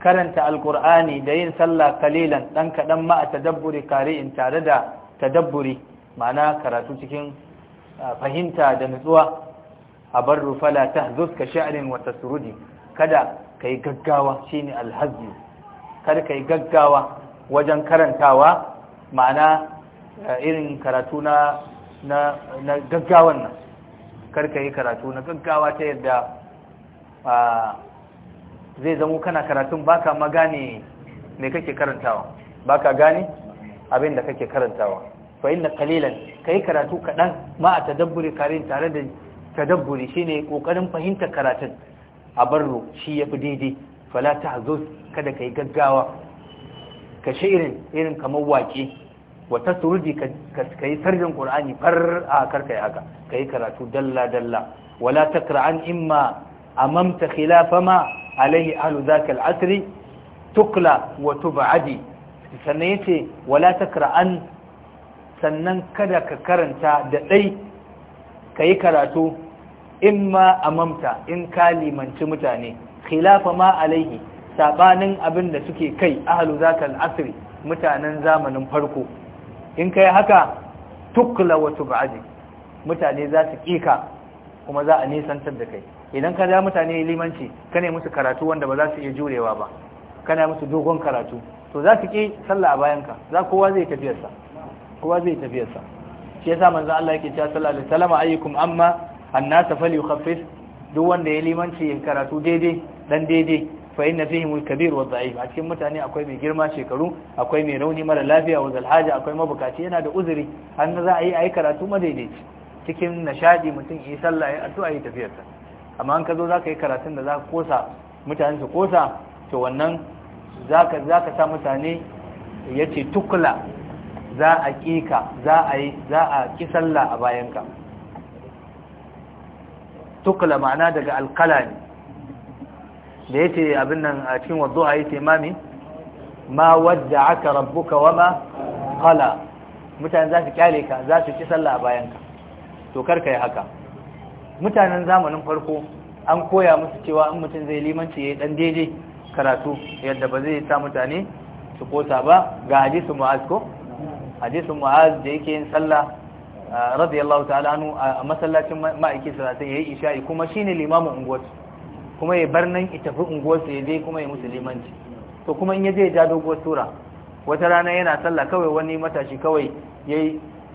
karanta alkur'ani da yin sallah kalilan dan kadan ma a tadabburi kari'in tare da tadabburi ma'ana karatu cikin fahimta da nutsuwa abarru fala tahzuz ka sha'rin wa tasrudi kada kai gaggawa shine alhazzi kada kai gaggawa wajen karantawa ma'ana irin karatu na na gaggawan nan kar ka yi karatu na gaggawa ta yadda zai zamo kana karatun baka magani kake karantawa baka gane abin da kake karantawa fa inna qalilan kai karatu kadan ma a tadabburi karin tare da tadabburi shine kokarin fahimta karatun a barro shi yafi daidai fala tahzuz kada kai gaggawa ka shi irin kamar waƙe wata surdi ka yi sarjin qur'ani far a karkai haka kai karatu dalla dalla wala an imma amamta khilafa ma alaihi ahlu zakal asri tukla wa tub'adi sannan yace wala sannan kada ka karanta da ka yi karatu a amamta in ka limanci mutane khilafa ma alaihi sabanin abin da suke kai za zakal asri mutanen zamanin farko in kai haka tukla wa tub'adi mutane za su kika kuma za a nisantar da kai idan ka ja mutane limanci ka ne musu karatu wanda ba za su iya jurewa ba ka na musu dogon karatu to za su ƙi sallah a bayanka za kowa zai tafiyarsa kowa zai tafiyarsa shi yasa manzon Allah yake cewa sallallahu alaihi wasallam ayyukum amma annasa falyukhaffif duk wanda ya limanci ya karatu daidai dan daidai fa inna fihim al-kabir wa dha'if a cikin mutane akwai mai girma shekaru akwai mai rauni mara lafiya wa zalhaja akwai mabukaci yana da uzuri an za a yi ayi karatu madaidaici cikin nashadi mutum yi sallah ya addu'a yi tafiyarsa amma an ka zo zaka yi karatun da zaka kosa mutane su kosa to wannan zaka zaka sa mutane yace tukula za a kika za a yi za a ki sallah a bayanka tukula ma'ana daga ne da yace abin nan a cikin waddu'a yace mami ma wadda'aka rabbuka wama qala mutane za su kyale ka za su ki sallah a bayanka to kar ka yi haka mutanen zamanin farko an koya musu cewa in mutum zai limanci ya yi dan daidai karatu yadda ba zai sa mutane su kosa ba ga hadisun mu'az ko hadisun mu'az da yake yin sallah radiyallahu ta'ala anhu a masallacin ma'aiki sallallahu yayi isha'i kuma shine limamin unguwar kuma ya bar nan ita fi unguwar ya je kuma ya musu limanci to kuma in ya je ja doguwar tura wata rana yana sallah kawai wani matashi kawai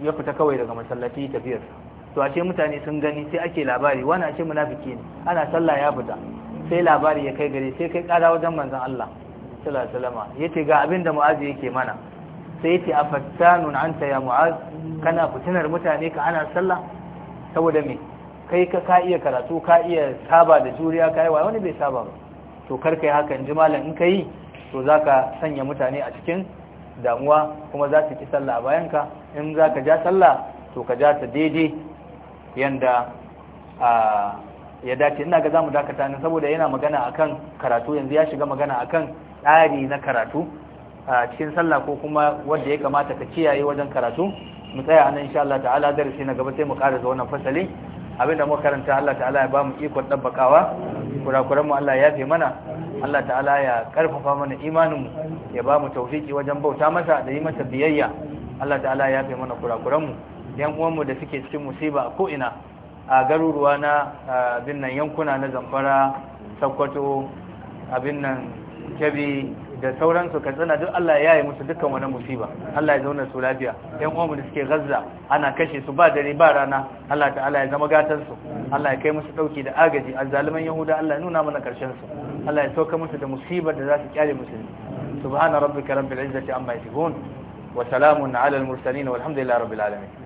ya fita kawai daga masallaci tafiyarsa to a ce mutane sun gani sai ake labari wani ce munafiki ne ana sallah ya fita sai labari ya kai gari sai kai kara wajen manzan Allah sallallahu alaihi wasallam yace ga abin da Mu'az yake mana sai yace afattanun anta ya Mu'az kana fitinar mutane ka ana sallah saboda me kai ka ka iya karatu ka iya saba da juriya kai wa wani bai saba ba to kar kai haka in ji malam in kai to zaka sanya mutane a cikin damuwa kuma za su ki sallah bayan ka in zaka ja sallah to ka ja ta daidai yanda ya dace ina ga zamu dakata ne saboda yana magana akan karatu yanzu ya shiga magana akan tsari na karatu a cikin sallah ko kuma wanda ya kamata ka kiyaye wajen karatu mu tsaya anan insha Allah ta'ala darasi na gaba sai mu ƙara da wannan fasali da muka karanta Allah ta'ala ya ba mu ikon dabbakawa kurakuran mu Allah ya fi mana Allah ta'ala ya karfafa mana imanin mu ya ba mu tawfiki wajen bauta masa da yi masa biyayya Allah ta'ala ya fi mana kurakuran mu yan uwanmu da suke cikin musiba a ko'ina a garuruwa na abin nan yankuna na zamfara sakkwato abin nan kyabi da sauransu tsana duk Allah ya yi musu dukkan wani musiba Allah ya zauna su lafiya yan uwanmu da suke gazza ana kashe su ba dare ba rana Allah ta'ala ya zama gatan su Allah ya kai musu dauki da agaji zaluman yahuda Allah ya nuna mana karshen su Allah ya sauka musu da musibar da za su kyale musu subhana rabbika rabbil izzati amma yasifun wa salamun ala al mursalin walhamdulillahi rabbil alamin